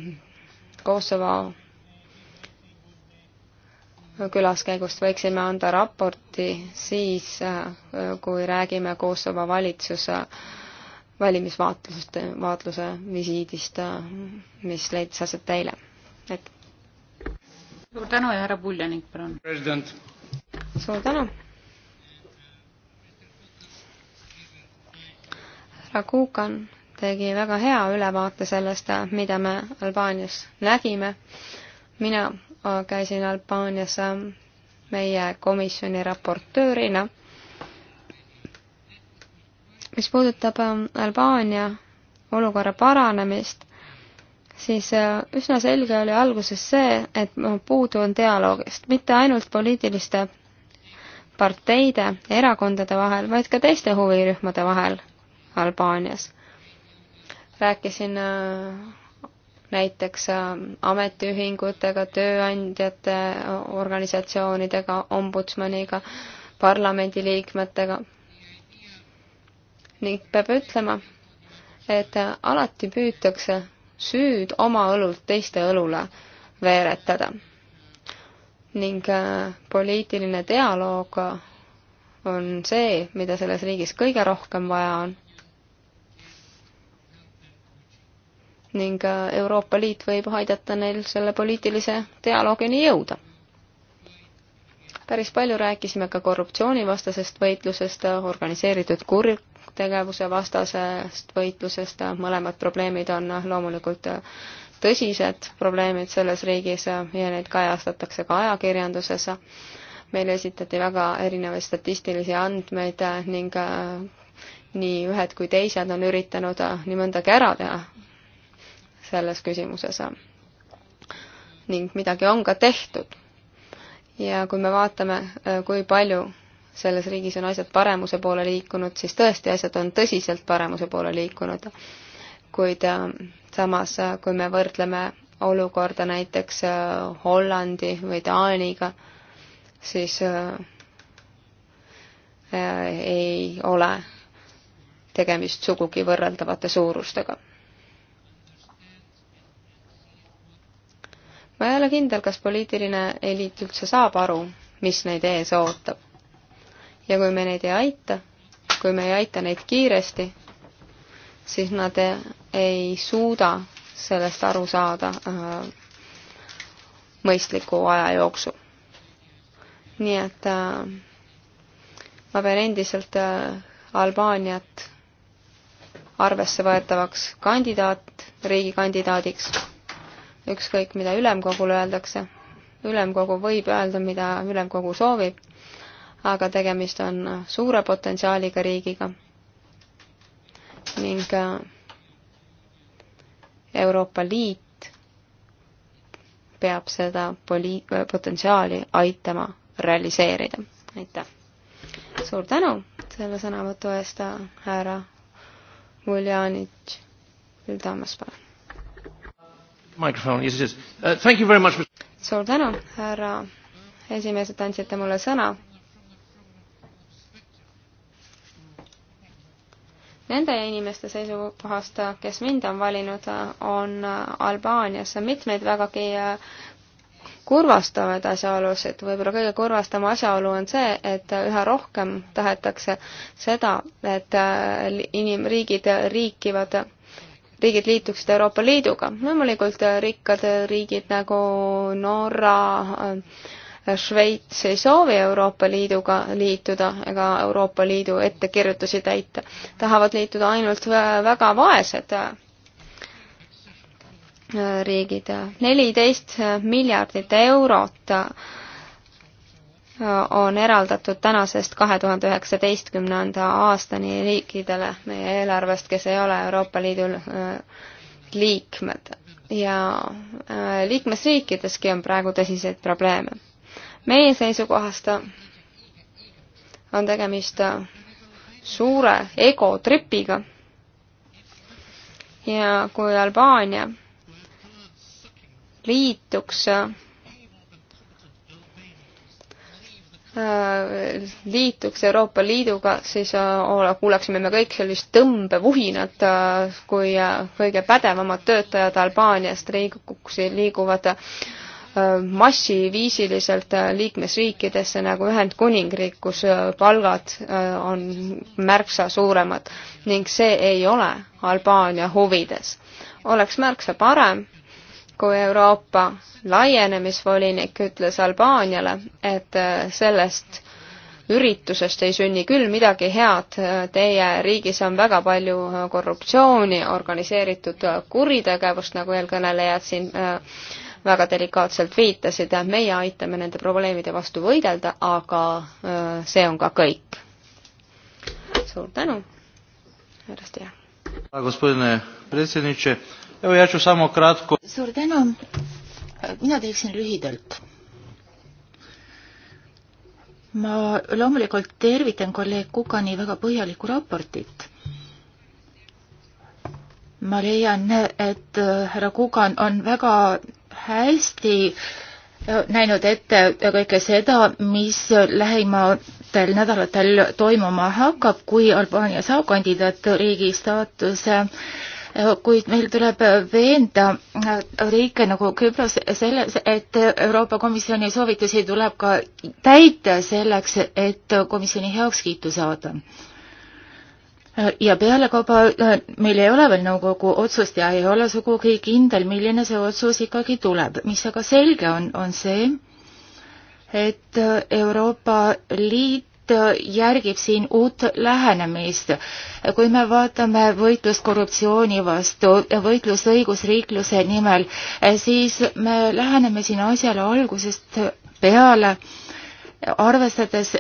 Kosovo külaskäigust võiksime anda raporti siis, äh, kui räägime Kosovo valitsuse valimisvaatlusest, vaatluse visiidist, mis leidis aset eile, et. suur tänu ja härra Puljanik, palun. suur tänu. härra Kukan tegi väga hea ülevaate sellest, mida me Albaanias nägime. mina käisin Albaanias meie komisjoni raportöörina mis puudutab ähm, Albaania olukorra paranemist, siis äh, üsna selge oli alguses see, et puudu on dialoogist, mitte ainult poliitiliste parteide, erakondade vahel, vaid ka teiste huvirühmade vahel Albaanias. rääkisin äh, näiteks äh, ametiühingutega, tööandjate organisatsioonidega, ombudsmaniga, parlamendiliikmetega ning peab ütlema, et alati püütakse süüd oma õlult teiste õlule veeretada. ning äh, poliitiline dialoog on see, mida selles riigis kõige rohkem vaja on. ning äh, Euroopa Liit võib aidata neil selle poliitilise dialoogini jõuda. päris palju rääkisime ka korruptsioonivastasest võitlusest, organiseeritud kur-, tegevuse vastasest võitlusest, mõlemad probleemid on loomulikult tõsised probleemid selles riigis ja neid kajastatakse ka ajakirjanduses. meile esitati väga erinevaid statistilisi andmeid ning äh, nii ühed kui teised on üritanud äh, nii mõndagi ära teha selles küsimuses. ning midagi on ka tehtud. ja kui me vaatame, äh, kui palju selles riigis on asjad paremuse poole liikunud, siis tõesti, asjad on tõsiselt paremuse poole liikunud. kuid äh, samas, äh, kui me võrdleme olukorda näiteks äh, Hollandi või Taaniga, siis ei ole tegemist sugugi võrreldavate suurustega. ma ei ole kindel, kas poliitiline eliit üldse saab aru, mis neid ees ootab ja kui me neid ei aita, kui me ei aita neid kiiresti, siis nad ei suuda sellest aru saada äh, mõistliku aja jooksul. nii et äh, ma pean endiselt äh, Albaaniat arvesse võetavaks kandidaat, riigikandidaadiks, ükskõik mida ülemkogule öeldakse. ülemkogu võib öelda, mida ülemkogu soovib aga tegemist on suure potentsiaaliga riigiga ning äh, Euroopa Liit peab seda poli-, potentsiaali aitama realiseerida. aitäh! suur tänu selle sõnavõtu eest, härra Uljanitš Üldamas, palun! Uh, suur tänu, härra esimees, et andsite mulle sõna Nende inimeste seisukohast, kes mind on valinud, on Albaanias mitmeid vägagi äh, kurvastavaid asjaolusid, võib-olla kõige kurvastavam asjaolu on see, et üha rohkem tahetakse seda, et äh, inimriigid riikivad, riigid liituksid Euroopa Liiduga. loomulikult rikkad riigid nagu Norra, Šveits ei soovi Euroopa Liiduga liituda ega Euroopa Liidu ettekirjutusi täita, tahavad liituda ainult väga vaesed riigid. neliteist miljardit eurot on eraldatud tänasest kahe tuhande üheksateistkümnenda aastani riikidele meie eelarvest, kes ei ole Euroopa Liidu äh, liikmed. ja äh, liikmesriikideski on praegu tõsiseid probleeme meie seisukohast on tegemist suure egotripiga ja kui Albaania liituks äh, liituks Euroopa Liiduga, siis äh, kuuleksime me kõik sellist tõmbevuhinat, äh, kui kõige pädevamad töötajad Albaaniast liiguks, liiguvad Äh, massiviisiliselt äh, liikmesriikidesse nagu Ühendkuningriik, kus äh, palgad on märksa suuremad ning see ei ole Albaania huvides. oleks märksa parem, kui Euroopa laienemisvolinik ütles Albaaniale, et sellest üritusest ei sünni küll midagi head, teie riigis on väga palju korruptsiooni, organiseeritud kuritegevust, nagu eelkõnelejad siin äh, väga delikaatselt viitasid, meie aitame nende probleemide vastu võidelda, aga see on ka kõik. suur tänu, härra Stier. suur tänu, mina teeksin lühidalt ma loomulikult tervitan kolleeg Kukani väga põhjalikku raportit. ma leian, et härra Kukan on väga hästi äh, näinud ette kõike seda, mis lähimatel nädalatel toimuma hakkab, kui Albaania saab kandidaatriigi staatuse, äh, kuid meil tuleb veenda äh, riike nagu Küpros selles, et Euroopa Komisjoni soovitusi tuleb ka täita selleks, et komisjoni heakskiitu saada ja pealekauba äh, meil ei ole veel nõukogu otsust ja ei ole sugugi kindel, milline see otsus ikkagi tuleb. mis aga selge on, on see, et äh, Euroopa Liit äh, järgib siin uut lähenemist. kui me vaatame võitlust korruptsiooni vastu, võitlust õigusriikluse nimel, siis me läheneme siin asjale algusest peale, arvestades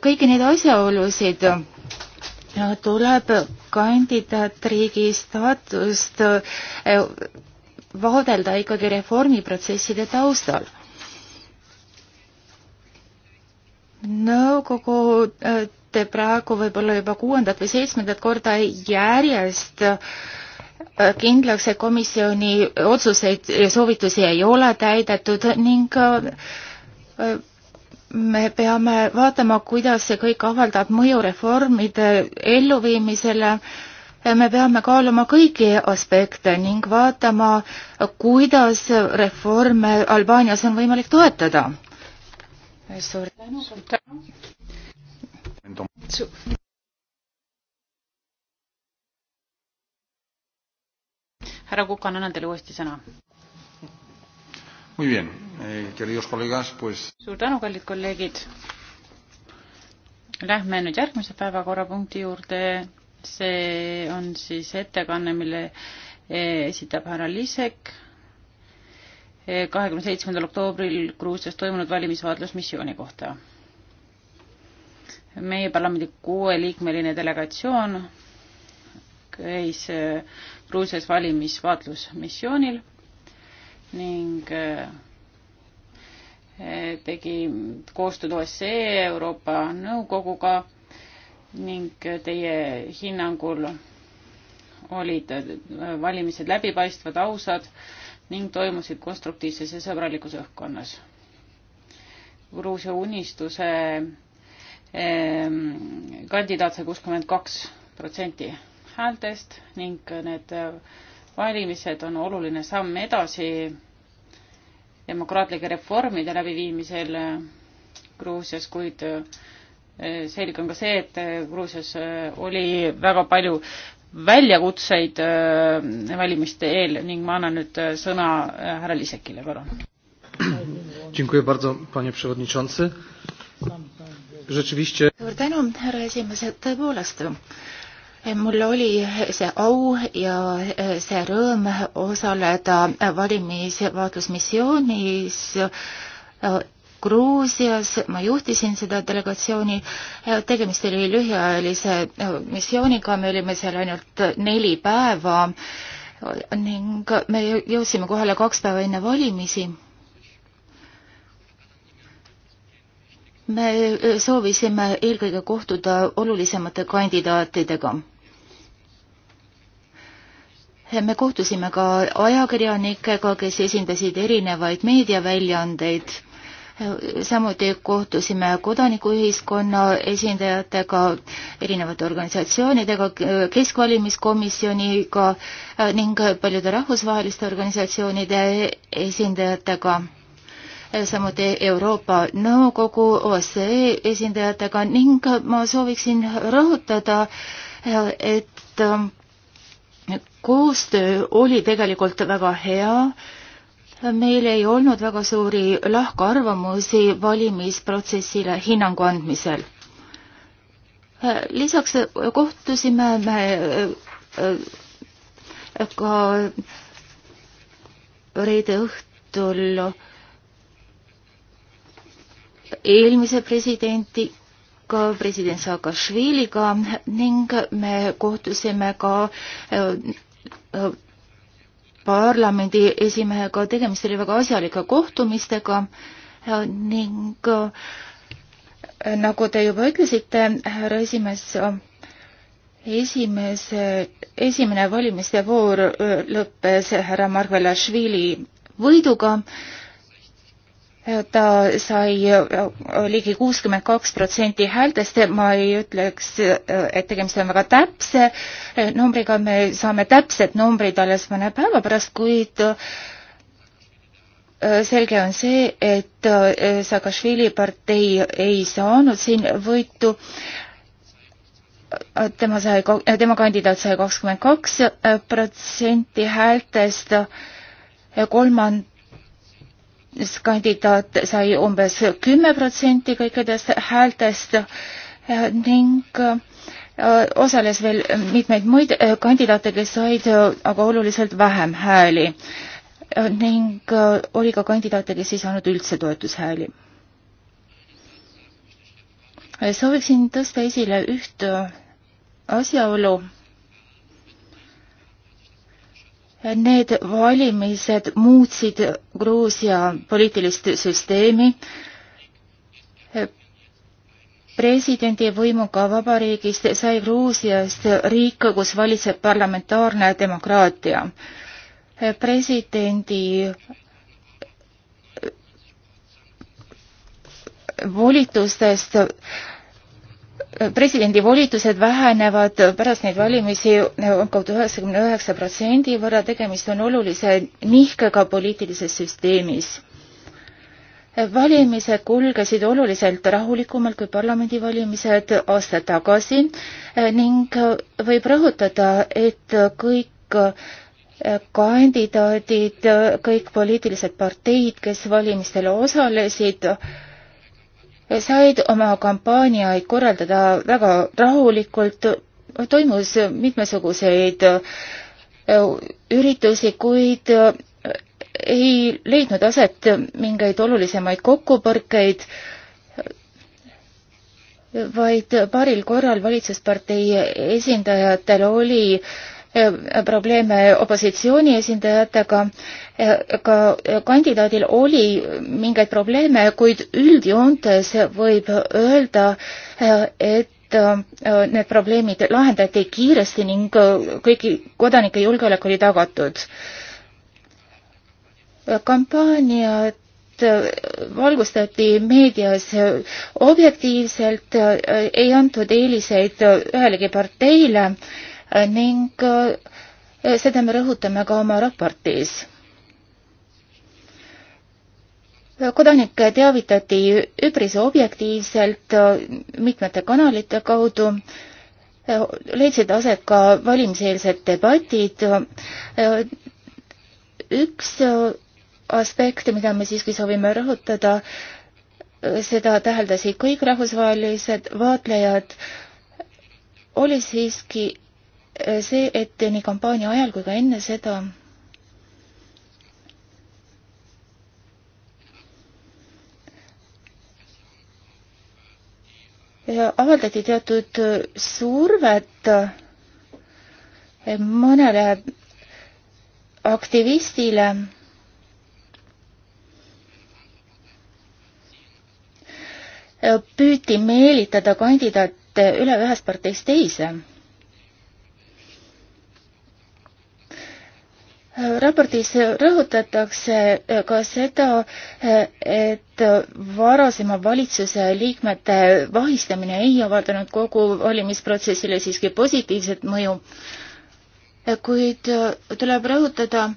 kõiki neid asjaolusid tuleb kandidaatriigi staatust eh, vaadelda ikkagi reformiprotsesside taustal. nõukogu eh, te praegu võib-olla juba kuuendat või seitsmendat korda järjest eh, kindlaks, et komisjoni otsuseid ja soovitusi ei ole täidetud ning me peame vaatama, kuidas see kõik avaldab mõju reformide elluviimisele. me peame kaaluma kõiki aspekte ning vaatama, kuidas reforme Albaanias on võimalik toetada. suur tänu. härra Kukan, annan teile uuesti sõna. Muy bien, eh, queridos colegas, pues. suur tänu, kallid kolleegid. Lähme nüüd järgmise päevakorrapunkti juurde. see on siis ettekanne, mille eh, esitab härra Lisek eh, kahekümne seitsmendal oktoobril Gruusias toimunud valimisvaatlusmissiooni kohta. meie parlamendi kuueliikmeline delegatsioon käis eh, Gruusias valimisvaatlusmissioonil ning äh, äh, tegi koostööd OSCE Euroopa Nõukoguga ning teie hinnangul olid äh, valimised läbipaistvad, ausad ning toimusid konstruktiivses ja sõbralikus õhkkonnas. Gruusia unistuse ähm, kandidaat sai kuuskümmend kaks protsenti häältest ning need valimised on oluline samm edasi demokraatlike reformide läbiviimisel äh, Gruusias, kuid äh, selge on ka see, et äh, Gruusias oli väga palju väljakutseid valimiste eel ning ma annan nüüd sõna härra Lisekile, palun. suur tänu, härra esimees, et tõepoolest mul oli see au ja see rõõm osaleda valimisvaatlusmissioonis äh, Gruusias, ma juhtisin seda delegatsiooni, äh, tegemist oli lühiajalise äh, missiooniga, me olime seal ainult neli päeva ning me jõudsime kohale kaks päeva enne valimisi me soovisime eelkõige kohtuda olulisemate kandidaatidega me kohtusime ka ajakirjanikega, kes esindasid erinevaid meediaväljaandeid. samuti kohtusime kodanikuühiskonna esindajatega, erinevate organisatsioonidega, Keskvalimiskomisjoniga ning paljude rahvusvaheliste organisatsioonide esindajatega samuti Euroopa Nõukogu OSCE esindajatega ning ma sooviksin rõhutada, et koostöö oli tegelikult väga hea. meil ei olnud väga suuri lahkarvamusi valimisprotsessile hinnangu andmisel. lisaks kohtusime me äh, ka reede õhtul eelmise presidendi ka president Saakašviliga ning me kohtusime ka äh, äh, parlamendi esimehega, tegemist oli väga asjalike kohtumistega äh, ning nagu te juba ütlesite, härra esimees, esimese, esimene valimiste voor lõppes härra Margvelašvili võiduga ta sai äh, ligi kuuskümmend kaks protsenti häältest, ma ei ütleks, äh, et tegemist on väga täpse äh, numbriga, me saame täpsed numbrid alles mõne päeva pärast, kuid selge on see, et Saakašvili partei ei saanud siin võitu. tema sai, tema kandidaat sai kakskümmend kaks protsenti häältest, kolmand-, kandidaat sai umbes kümme protsenti kõikidest häältest äh, ning äh, osales veel mitmeid muid äh, kandidaate, kes said aga oluliselt vähem hääli ning oli ka kandidaate, kes ei saanud üldse toetushääli. sooviksin tõsta esile üht asjaolu Need valimised muutsid Gruusia poliitilist süsteemi. Presidendi võimuga vabariigist sai Gruusiast riik, kus valitseb parlamentaarne demokraatia. Presidendi volitustest presidendi volitused vähenevad pärast neid valimisi kaudu üheksakümne üheksa protsendi võrra, tegemist on olulise nihkega poliitilises süsteemis. valimised kulgesid oluliselt rahulikumalt kui parlamendivalimised aasta tagasi ning võib rõhutada, et kõik kandidaadid, kõik poliitilised parteid, kes valimistel osalesid, said oma kampaaniaid korraldada väga rahulikult, toimus mitmesuguseid äh, üritusi, kuid äh, ei leidnud aset mingeid olulisemaid kokkupõrkeid, vaid paaril korral valitsuspartei esindajatel oli äh, Äh, probleeme opositsiooni esindajatega. Äh, ka äh, kandidaadil oli mingeid probleeme, kuid üldjoontes võib öelda, et need probleemid lahendati kiiresti ning kõigi kodanike julgeolek oli tagatud. kampaaniad valgustati meedias objektiivselt, ei antud eeliseid ühelegi parteile ning eh, seda me rõhutame ka oma raportis. kodanikke teavitati üpris objektiivselt eh, mitmete kanalite kaudu, eh, leidsid aset ka valimiseelsed debatid. üks aspekte, mida me siiski soovime rõhutada, seda täheldasid kõik rahvusvahelised vaatlejad, oli siiski see, et nii kampaania ajal kui ka enne seda avaldati teatud survet mõnele aktivistile püüti meelitada kandidaate üle ühest parteist teise raportis rõhutatakse äh, ka seda, äh, et varasema valitsuse liikmete vahistamine ei avaldanud kogu valimisprotsessile siiski positiivset mõju, äh, kuid tuleb rõhutada,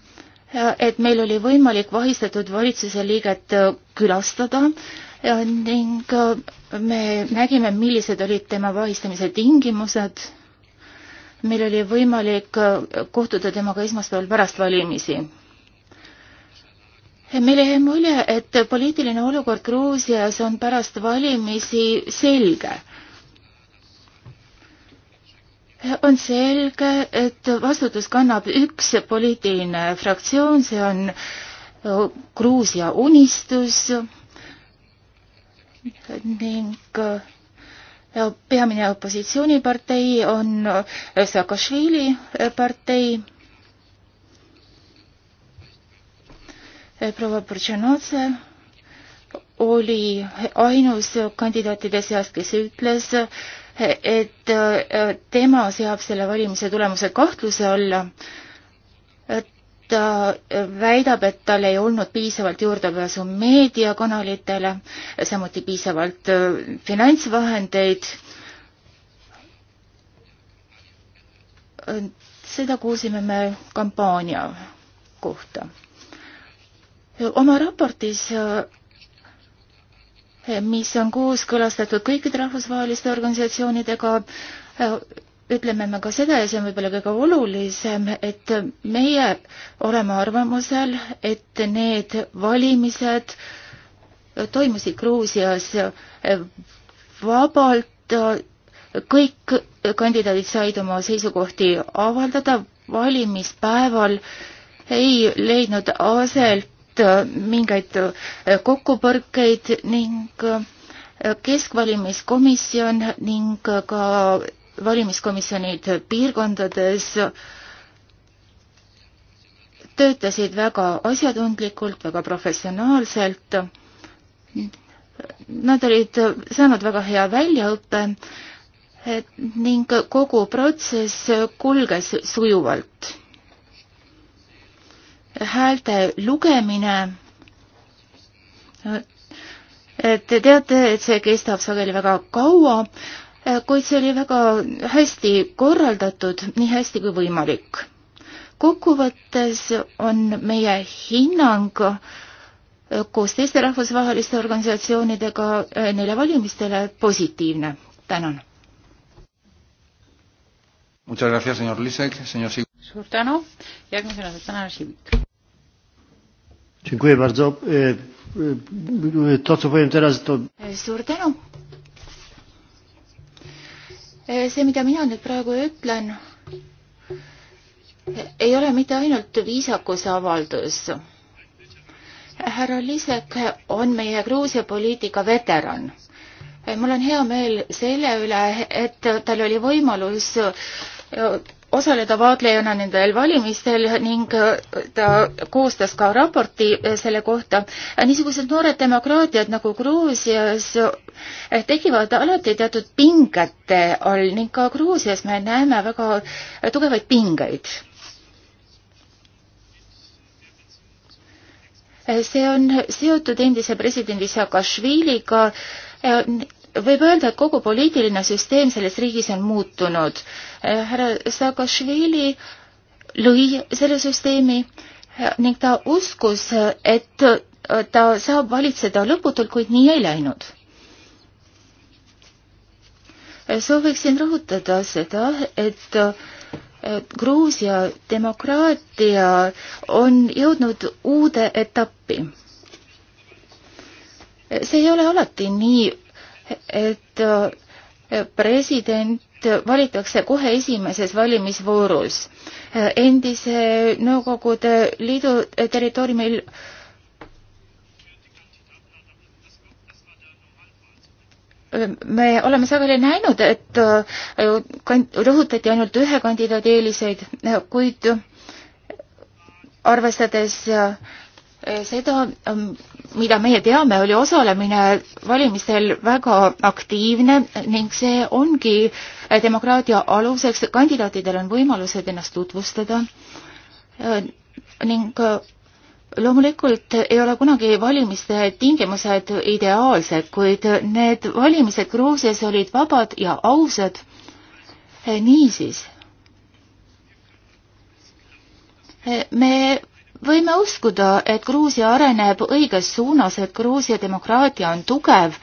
et meil oli võimalik vahistatud valitsuse liiget külastada ning me nägime, millised olid tema vahistamise tingimused meil oli võimalik äh, kohtuda temaga esmaspäeval pärast valimisi. meile jäi mulje, et poliitiline olukord Gruusias on pärast valimisi selge. on selge, et vastutust kannab üks poliitiline fraktsioon, see on äh, Gruusia unistus ning äh, peamine opositsioonipartei on Saakašvili partei. proua Brženovse oli ainus kandidaatide seas, kes ütles, et tema seab selle valimise tulemuse kahtluse alla ta äh, väidab, et tal ei olnud piisavalt juurdepääsu meediakanalitele, samuti piisavalt äh, finantsvahendeid. seda kuulsime me kampaania kohta. oma raportis äh, mis on kooskõlastatud kõikide rahvusvaheliste organisatsioonidega, ütleme me ka seda ja see on võib-olla kõige olulisem, et meie oleme arvamusel, et need valimised toimusid Gruusias vabalt, kõik kandidaadid said oma seisukohti avaldada, valimispäeval ei leidnud aset mingeid kokkupõrkeid ning keskvalimiskomisjon ning ka valimiskomisjonid piirkondades töötasid väga asjatundlikult, väga professionaalselt. Nad olid saanud väga hea väljaõppe ning kogu protsess kulges sujuvalt. häälte lugemine Te teate, et see kestab sageli väga kaua Äh, kuid see oli väga hästi korraldatud, nii hästi kui võimalik. kokkuvõttes on meie hinnang äh, koos teiste rahvusvaheliste organisatsioonidega äh, neile valimistele positiivne. tänan. suur tänu, järgmisena saab täna Sivik. Dziękuję bardzo. E, e, to, co powiem teraz, to... Suur tänu see, mida mina nüüd praegu ütlen, ei ole mitte ainult viisakuse avaldus. härra Lisek on meie Gruusia poliitika veteran. mul on hea meel selle üle, et tal oli võimalus osaleda vaatlejana nendel valimistel ning äh, ta koostas ka raporti äh, selle kohta. Äh, niisugused noored demokraatiad nagu Gruusias tekivad alati teatud pingete all ning ka Gruusias me näeme väga tugevaid pingeid see on seotud endise presidendi Saakašviliga võib öelda, et kogu poliitiline süsteem selles riigis on muutunud. Eh, härra Saakašvili lõi selle süsteemi eh, ning ta uskus, et eh, ta saab valitseda lõputult, kuid nii ei läinud. sooviksin rõhutada seda, et Gruusia demokraatia on jõudnud uude etappi. see ei ole alati nii et äh, president valitakse kohe esimeses valimisvoorus. Äh, endise Nõukogude Liidu territooriumil me oleme sageli näinud, et äh, rõhutati ainult ühe kandidaadi eeliseid, kuid arvestades seda, ähm, mida meie teame, oli osalemine valimistel väga aktiivne ning see ongi äh, demokraatia aluseks, kandidaatidel on võimalused ennast tutvustada äh, ning äh, loomulikult ei ole kunagi valimiste tingimused ideaalsed, kuid need valimised Gruusias olid vabad ja ausad. niisiis, me võime uskuda, et Gruusia areneb õiges suunas, et Gruusia demokraatia on tugev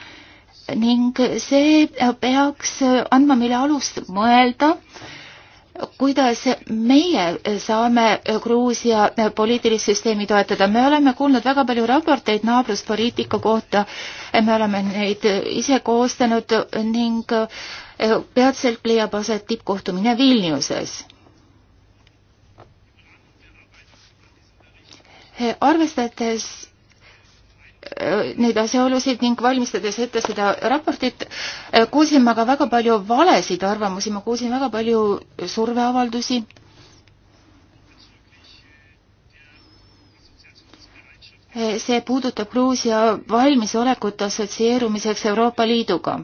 ning see peaks andma meile alust mõelda, kuidas meie saame Gruusia poliitilist süsteemi toetada. me oleme kuulnud väga palju raporteid naabruspoliitika kohta, me oleme neid ise koostanud ning peatselt leiab aset tippkohtumine Vilniuses Eh, arvestades eh, neid asjaolusid ning valmistades ette seda raportit, eh, kuulsin ma ka väga palju valesid arvamusi, ma kuulsin väga palju surveavaldusi. see puudutab Gruusia valmisolekut assotsieerumiseks Euroopa Liiduga.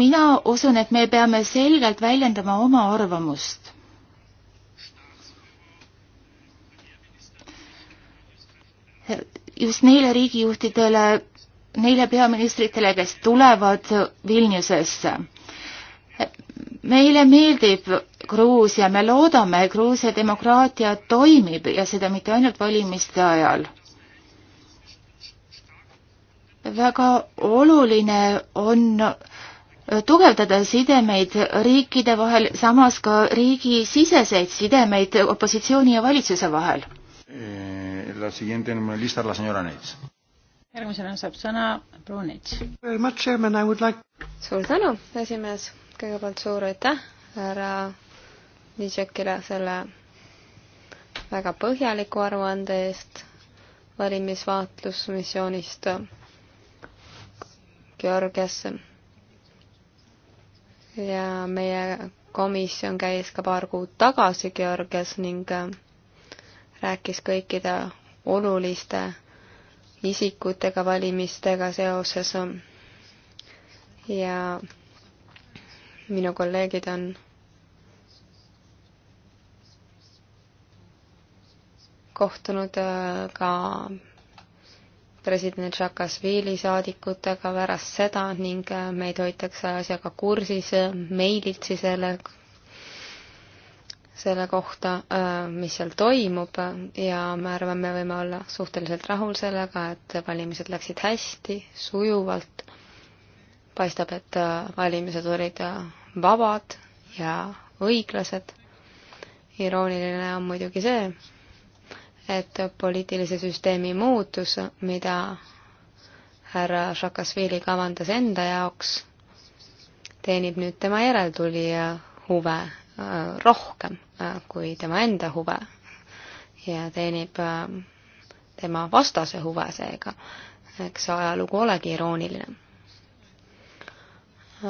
mina usun, et me peame selgelt väljendama oma arvamust. just neile riigijuhtidele, neile peaministritele, kes tulevad Vilniusesse. meile meeldib Gruusia, me loodame, Gruusia demokraatia toimib ja seda mitte ainult valimiste ajal. väga oluline on tugevdada sidemeid riikide vahel, samas ka riigisiseseid sidemeid opositsiooni ja valitsuse vahel eh, la siguiente en mi lista es la señora Neits. järgmisena saab sõna proua Neits. suur tänu, esimees. kõigepealt suur aitäh härra Nižekile selle väga põhjaliku aruande eest valimisvaatlusmissioonist Georgiasse. ja meie komisjon käis ka paar kuud tagasi Georgias ning äh, rääkis kõikide oluliste isikutega valimistega seoses ja minu kolleegid on kohtunud äh, ka president Šakasvili saadikutega pärast seda ning äh, meid hoitakse asjaga kursis äh, meilitsi selle selle kohta, äh, mis seal toimub ja ma arvan, me võime olla suhteliselt rahul sellega, et valimised läksid hästi, sujuvalt. paistab, et äh, valimised olid äh, vabad ja õiglased. irooniline on muidugi see, et poliitilise süsteemi muutus, mida härra Šakasvili kavandas enda jaoks, teenib nüüd tema järeltulija huve Äh, rohkem äh, kui tema enda huve ja teenib äh, tema vastase huve seega. eks ajalugu olegi irooniline.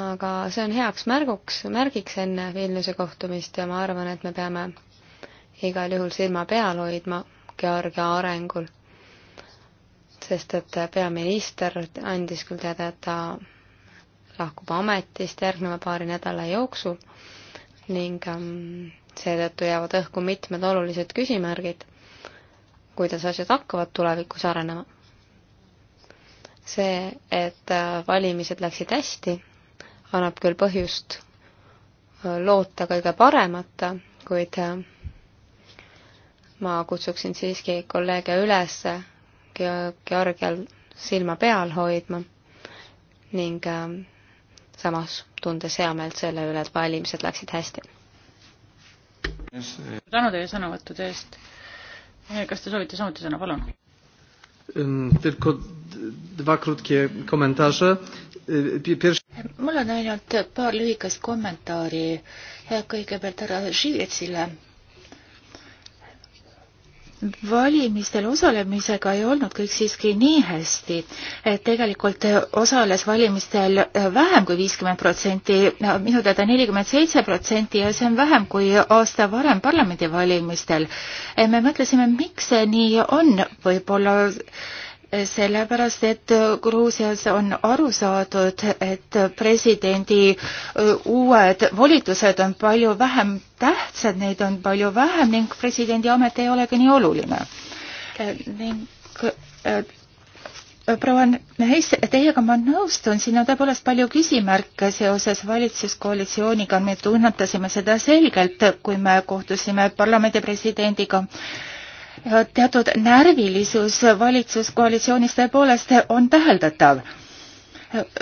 aga see on heaks märguks, märgiks enne Vilniuse kohtumist ja ma arvan, et me peame igal juhul silma peal hoidma Georgia arengul. sest et peaminister andis küll teada, et ta lahkub ametist järgneva paari nädala jooksul ning ähm, seetõttu jäävad õhku mitmed olulised küsimärgid, kuidas asjad hakkavad tulevikus arenema. see, et äh, valimised läksid hästi, annab küll põhjust äh, loota kõige paremat, kuid äh, ma kutsuksin siiski kolleege üles Georgial silma peal hoidma ning samas tundes heameelt selle üle, et valimised läksid hästi. Eh. tänu teie sõnavõttude eest. Eh, kas te soovite samuti sõna, palun? Tylko dwa krótkie komentarze. Pierwszy... Eh, mul on ainult paar lühikest kommentaari kõigepealt härra Živetsile valimistel osalemisega ei olnud kõik siiski nii hästi, et tegelikult osales valimistel vähem kui viiskümmend protsenti, minu teada nelikümmend seitse protsenti ja see on vähem kui aasta varem parlamendivalimistel. me mõtlesime, miks see nii on, võib-olla sellepärast, et Gruusias on aru saadud, et presidendi äh, uued volitused on palju vähem tähtsad, neid on palju vähem ning presidendi amet ei olegi nii oluline. Äh, ning äh, proua Neis, teiega ma nõustun, siin on tõepoolest palju küsimärke seoses valitsuskoalitsiooniga, me tunnetasime seda selgelt, kui me kohtusime parlamendi presidendiga teatud närvilisus valitsuskoalitsioonis tõepoolest on täheldatav.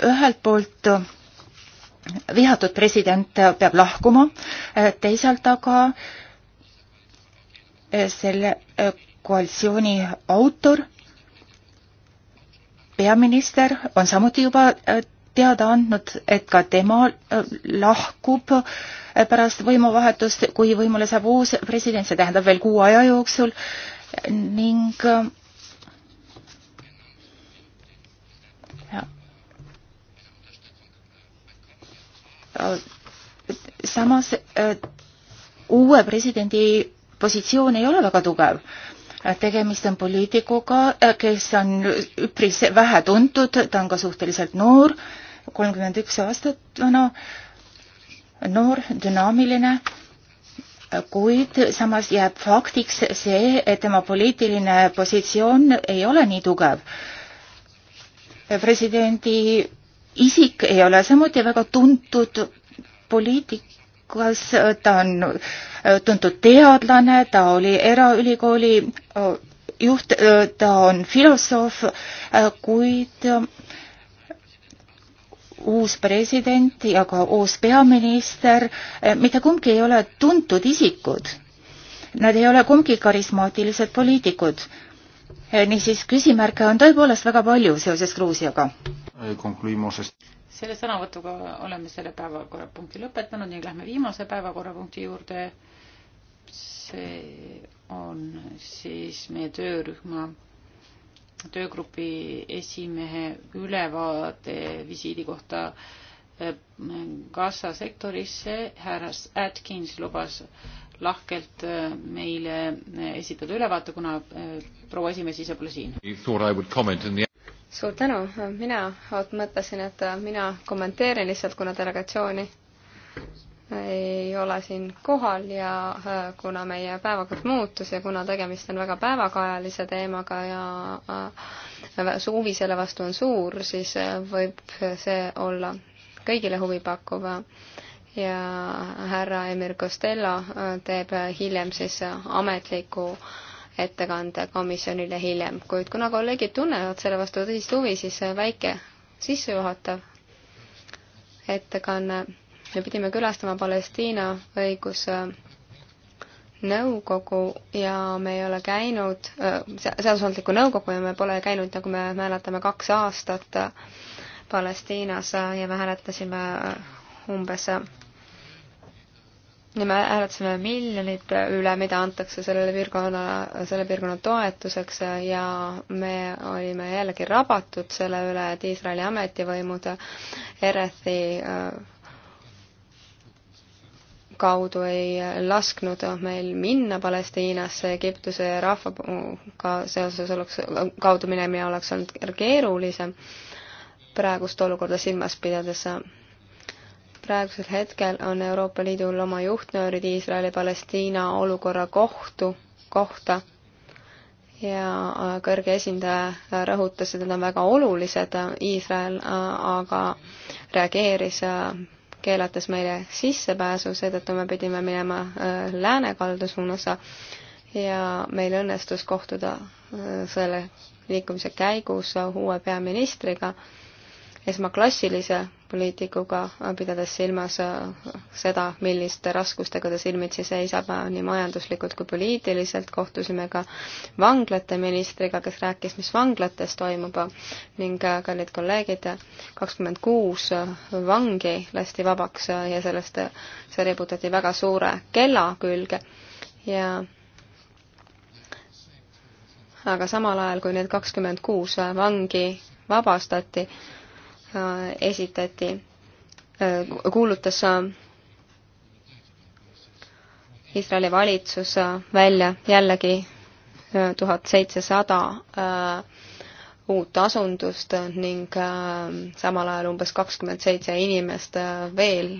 ühelt poolt vihatud president peab lahkuma, teisalt aga selle koalitsiooni autor, peaminister on samuti juba teada andnud, et ka tema lahkub pärast võimuvahetust, kui võimule saab uus president, see tähendab veel kuu aja jooksul ning äh, äh, samas äh, uue presidendi positsioon ei ole väga tugev. tegemist on poliitikuga, kes on üpris vähe tuntud, ta on ka suhteliselt noor, kolmkümmend üks aastat vana, noor, dünaamiline kuid samas jääb faktiks see, et tema poliitiline positsioon ei ole nii tugev. presidendi isik ei ole samuti väga tuntud poliitikas, ta on tuntud teadlane, ta oli eraülikooli juht, ta on filosoof, kuid uus president ja ka uus peaminister, eh, mitte kumbki ei ole tuntud isikud. Nad ei ole kumbki karismaatilised poliitikud. Eh, niisiis, küsimärke on tõepoolest väga palju seoses Gruusiaga. Eh, selle sõnavõtuga oleme selle päevakorrapunkti lõpetanud ning lähme viimase päevakorrapunkti juurde. see on siis meie töörühma töögrupi esimehe ülevaade visiidi kohta Gaza eh, sektorisse. härra Atkins lubas lahkelt eh, meile eh, esitada ülevaate, kuna proua esimees ise pole siin. suur tänu, mina mõtlesin, et mina kommenteerin lihtsalt, kuna delegatsiooni ei ole siin kohal ja äh, kuna meie päevakord muutus ja kuna tegemist on väga päevakajalise teemaga ja huvi äh, äh, selle vastu on suur, siis võib see olla kõigile huvipakkuv ja härra Emir Costello teeb hiljem siis ametliku ettekande komisjonile hiljem, kuid kuna kolleegid tunnevad selle vastu tõsist huvi, siis väike sissejuhatav ettekanne me pidime külastama Palestiina õiguse nõukogu ja me ei ole käinud, äh, seadusandliku nõukogu ja me pole käinud, nagu me mäletame, kaks aastat Palestiinas ja me hääletasime äh, umbes ja me hääletasime miljonite üle, mida antakse sellele piirkonna, selle piirkonna toetuseks ja me olime jällegi rabatud selle üle, et Iisraeli ametivõimud RF-i kaudu ei lasknud meil minna Palestiinasse, Egiptuse rahvaga seoses oleks, kaudu minemine oleks olnud keerulisem praegust olukorda silmas pidades. praegusel hetkel on Euroopa Liidul oma juhtnöörid Iisraeli-Palestiina olukorra kohtu, kohta ja kõrge esindaja rõhutas, et need on väga olulised, Iisrael äh, aga reageeris äh, keelates meile sissepääsu, seetõttu me pidime minema äh, lääne kaldu suunas ja meil õnnestus kohtuda äh, selle liikumise käigus uue peaministriga esmaklassilise poliitikuga, pidades silmas äh, seda, milliste raskustega ta silmitsi seisab äh, nii majanduslikult kui poliitiliselt, kohtusime ka vanglate ministriga, kes rääkis, mis vanglates toimub ning äh, kallid kolleegid, kakskümmend kuus vangi lasti vabaks ja sellest, see riputati väga suure kella külge ja aga samal ajal, kui need kakskümmend kuus vangi vabastati, Äh, esitati, äh, kuulutas äh, Iisraeli valitsus välja jällegi tuhat seitsesada uut asundust ning samal ajal umbes kakskümmend seitse inimest veel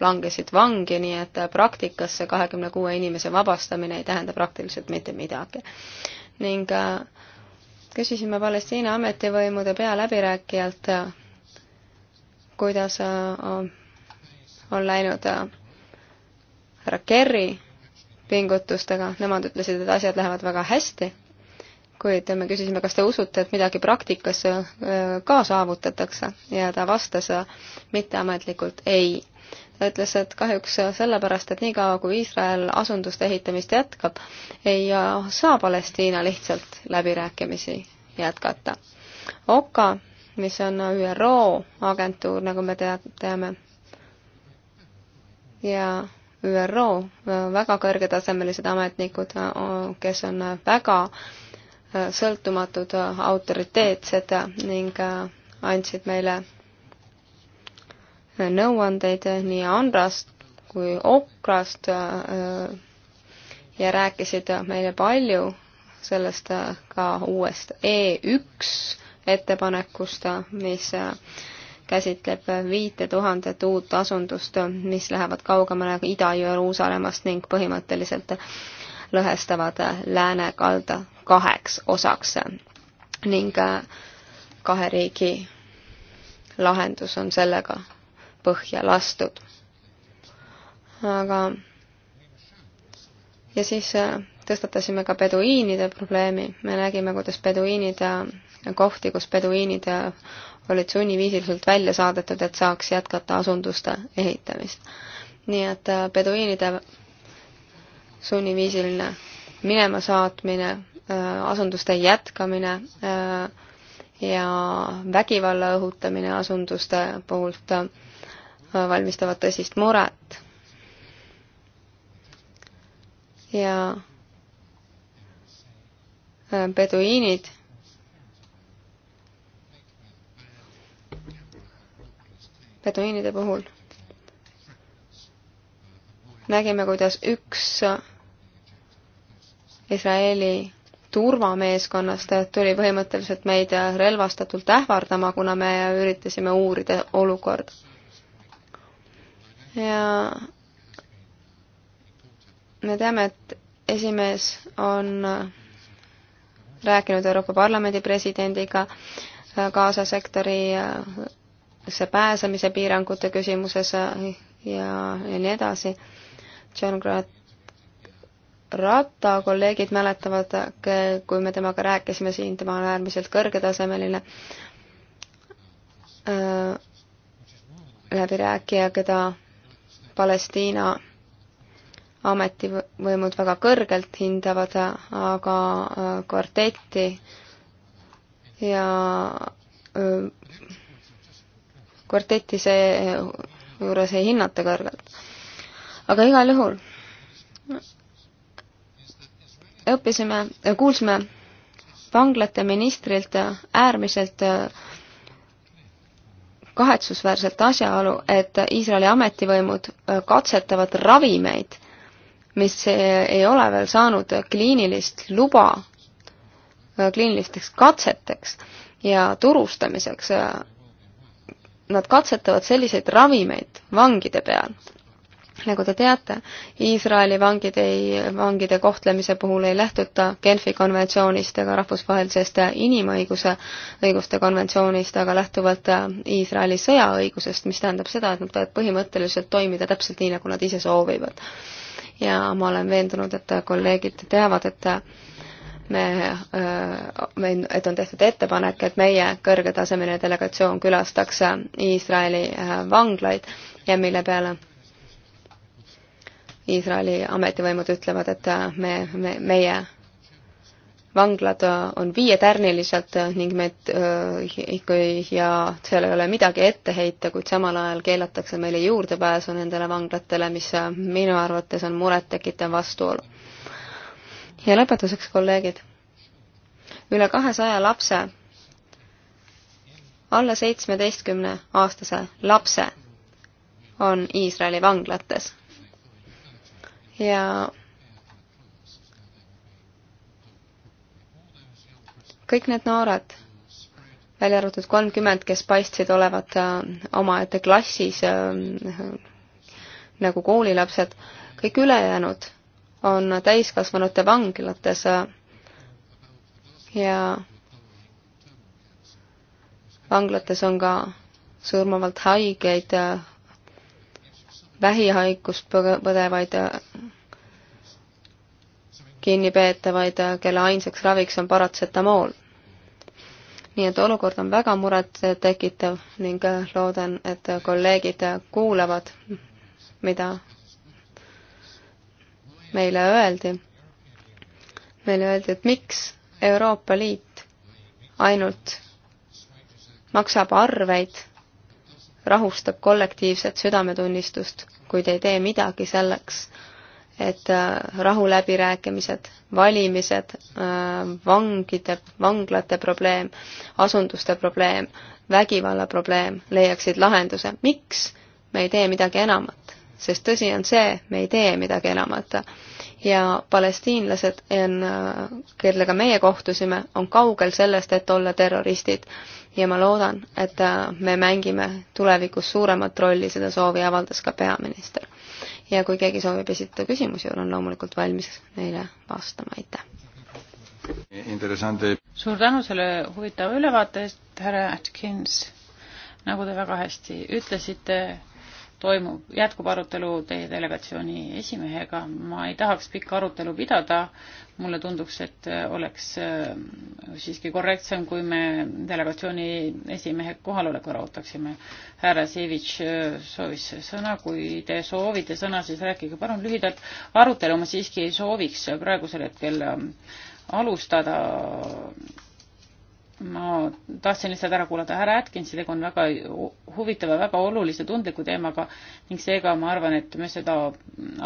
langesid vangi, nii et praktikas see kahekümne kuue inimese vabastamine ei tähenda praktiliselt mitte midagi. ning äh, küsisime Palestiina ametivõimude pealäbirääkijalt, kuidas äh, on läinud äh, härra Kerry pingutustega, nemad ütlesid, et asjad lähevad väga hästi, kuid me küsisime, kas te usute, et midagi praktikas äh, ka saavutatakse ja ta vastas mitteametlikult ei ütles, et kahjuks sellepärast, et niikaua, kui Iisrael asunduste ehitamist jätkab, ei saa Palestiina lihtsalt läbirääkimisi jätkata. OKA, mis on ÜRO agentuur, nagu me tea-, teame, ja ÜRO väga kõrgetasemelised ametnikud, kes on väga sõltumatud, autoriteetsed ning andsid meile nõuandeid nii Andrast kui Okrast äh, ja rääkisid meile palju sellest äh, ka uuest E1 ettepanekust, mis äh, käsitleb viite tuhandet uut asundust, mis lähevad kaugemale Ida-Jeruusalemmast ning põhimõtteliselt lõhestavad läänekalda kaheks osaks ning kahe riigi lahendus on sellega põhja lastud. aga ja siis äh, tõstatasime ka peduiinide probleemi, me nägime, kuidas peduiinid, kohti, kus peduiinid olid sunniviisiliselt välja saadetud, et saaks jätkata asunduste ehitamist. nii et peduiinide äh, sunniviisiline minema saatmine, äh, asunduste jätkamine ja vägivalla õhutamine asunduste poolt valmistavad tõsist muret. ja peduiinid äh, peduiinide puhul nägime, kuidas üks Iisraeli turvameeskonnast tuli põhimõtteliselt meid relvastatult ähvardama, kuna me üritasime uurida olukorda ja me teame, et esimees on äh, rääkinud Euroopa Parlamendi presidendiga kaasasektori äh, äh, see pääsemise piirangute küsimuses ja, ja nii edasi. John Grant Ratta kolleegid mäletavad, kui me temaga rääkisime siin, tema on äärmiselt kõrgetasemeline läbirääkija, keda Palestiina ametivõimud väga kõrgelt hindavad, aga äh, kvartetti ja äh, kvartetti seejuures ei hinnata kõrgelt. aga igal juhul õppisime, kuulsime vanglate ministrilt äärmiselt äh, kahetsusväärselt asjaolu, et Iisraeli ametivõimud äh, katsetavad ravimeid, mis äh, ei ole veel saanud kliinilist luba äh, kliinilisteks katseteks ja turustamiseks. Nad katsetavad selliseid ravimeid vangide peal nagu te teate, Iisraeli vangid ei, vangide kohtlemise puhul ei lähtuta Genfi konventsioonist ega rahvusvahelisest inimõiguse, õiguste konventsioonist, aga lähtuvalt Iisraeli sõjaõigusest, mis tähendab seda, et nad võivad põhimõtteliselt toimida täpselt nii, nagu nad ise soovivad. ja ma olen veendunud, et kolleegid teavad, et me, me, et on tehtud ettepanek, et meie kõrgetasemeline delegatsioon külastaks Iisraeli vanglaid ja mille peale Iisraeli ametivõimud ütlevad, et me, me, meie vanglad on viietärnilised ning me, ja seal ei ole midagi ette heita, kuid samal ajal keelatakse meile juurdepääsu nendele vanglatele, mis minu arvates on murettekitav vastuolu. ja lõpetuseks, kolleegid. üle kahesaja lapse, alla seitsmeteistkümne aastase lapse on Iisraeli vanglates ja kõik need noored, välja arvatud kolmkümmend, kes paistsid olevat äh, omaette klassis äh, nagu koolilapsed, kõik ülejäänud on täiskasvanute vanglates äh, ja vanglates on ka surmavalt haigeid vähihaigust põdevaid kinnipeetavaid, kelle ainsaks raviks on paratsetamool. nii et olukord on väga murettekitav ning loodan, et kolleegid kuulavad, mida meile öeldi. meile öeldi, et miks Euroopa Liit ainult maksab arveid rahustab kollektiivset südametunnistust, kuid ei tee midagi selleks, et äh, rahuläbirääkimised, valimised, äh, vangide, vanglate probleem, asunduste probleem, vägivalla probleem leiaksid lahenduse. miks me ei tee midagi enamat? sest tõsi on see, me ei tee midagi enamat. ja palestiinlased, kellega meie kohtusime, on kaugel sellest, et olla terroristid. ja ma loodan, et äh, me mängime tulevikus suuremat rolli, seda soovi avaldas ka peaminister. ja kui keegi soovib esitada küsimusi, olen loomulikult valmis neile vastama, aitäh! Interessante. suur tänu selle huvitava ülevaate eest, härra Atkins. nagu te väga hästi ütlesite, toimub, jätkub arutelu teie delegatsiooni esimehega. ma ei tahaks pikka arutelu pidada, mulle tunduks, et oleks äh, siiski korrektsem, kui me delegatsiooni esimehe kohaloleku ära ootaksime. härra Sivitš äh, soovis sõna, kui te soovite sõna, siis rääkige palun lühidalt. arutelu ma siiski ei sooviks praegusel hetkel ähm, alustada ma tahtsin lihtsalt ära kuulata härra Atkinsi, tegu on väga huvitava, väga olulise, tundliku teemaga ning seega ma arvan, et me seda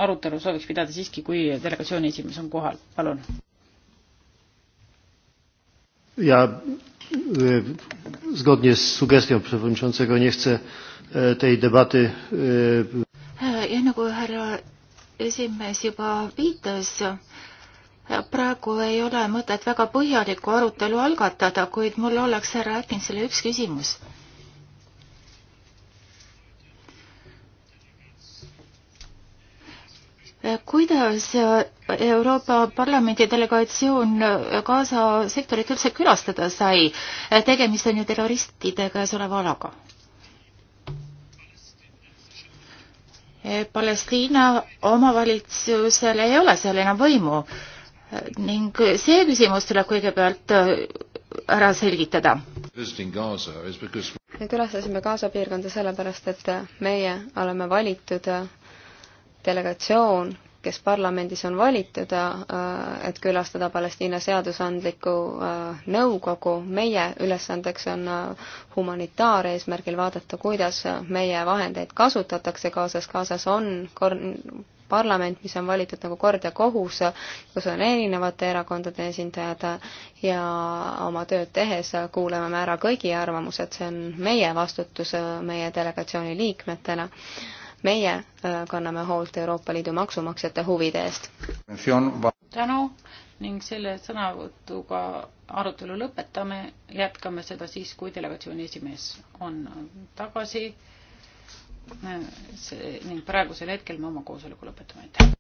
arutelu sooviks pidada siiski, kui delegatsiooni esimees on kohal, palun. ja e, zgodnie z sugestią przewodniczącego nie chcę e, tej debaty e, ja nagu härra esimees juba viitas praegu ei ole mõtet väga põhjalikku arutelu algatada, kuid mul oleks härra Atkinsile üks küsimus. kuidas Euroopa Parlamendi delegatsioon Gaza sektorit üldse külastada sai? tegemist on ju terroristide käesoleva alaga. Palestiina omavalitsusel ei ole seal enam võimu ning see küsimus tuleb kõigepealt äh, ära selgitada. me külastasime Gaza piirkonda sellepärast, et äh, meie oleme valitud äh, delegatsioon, kes parlamendis on valitud, et külastada Palestiina seadusandlikku nõukogu. meie ülesandeks on humanitaareesmärgil vaadata, kuidas meie vahendeid kasutatakse Gazas. Gazas on parlament, mis on valitud nagu kord ja kohus, kus on erinevate erakondade esindajad ja oma tööd tehes kuulame me ära kõigi arvamused, see on meie vastutus meie delegatsiooni liikmetena. meie äh, kanname hoolt Euroopa Liidu maksumaksjate huvide eest. tänu ning selle sõnavõtuga arutelu lõpetame, jätkame seda siis, kui delegatsiooni esimees on tagasi ning praegusel hetkel me oma koosoleku lõpetame, aitäh!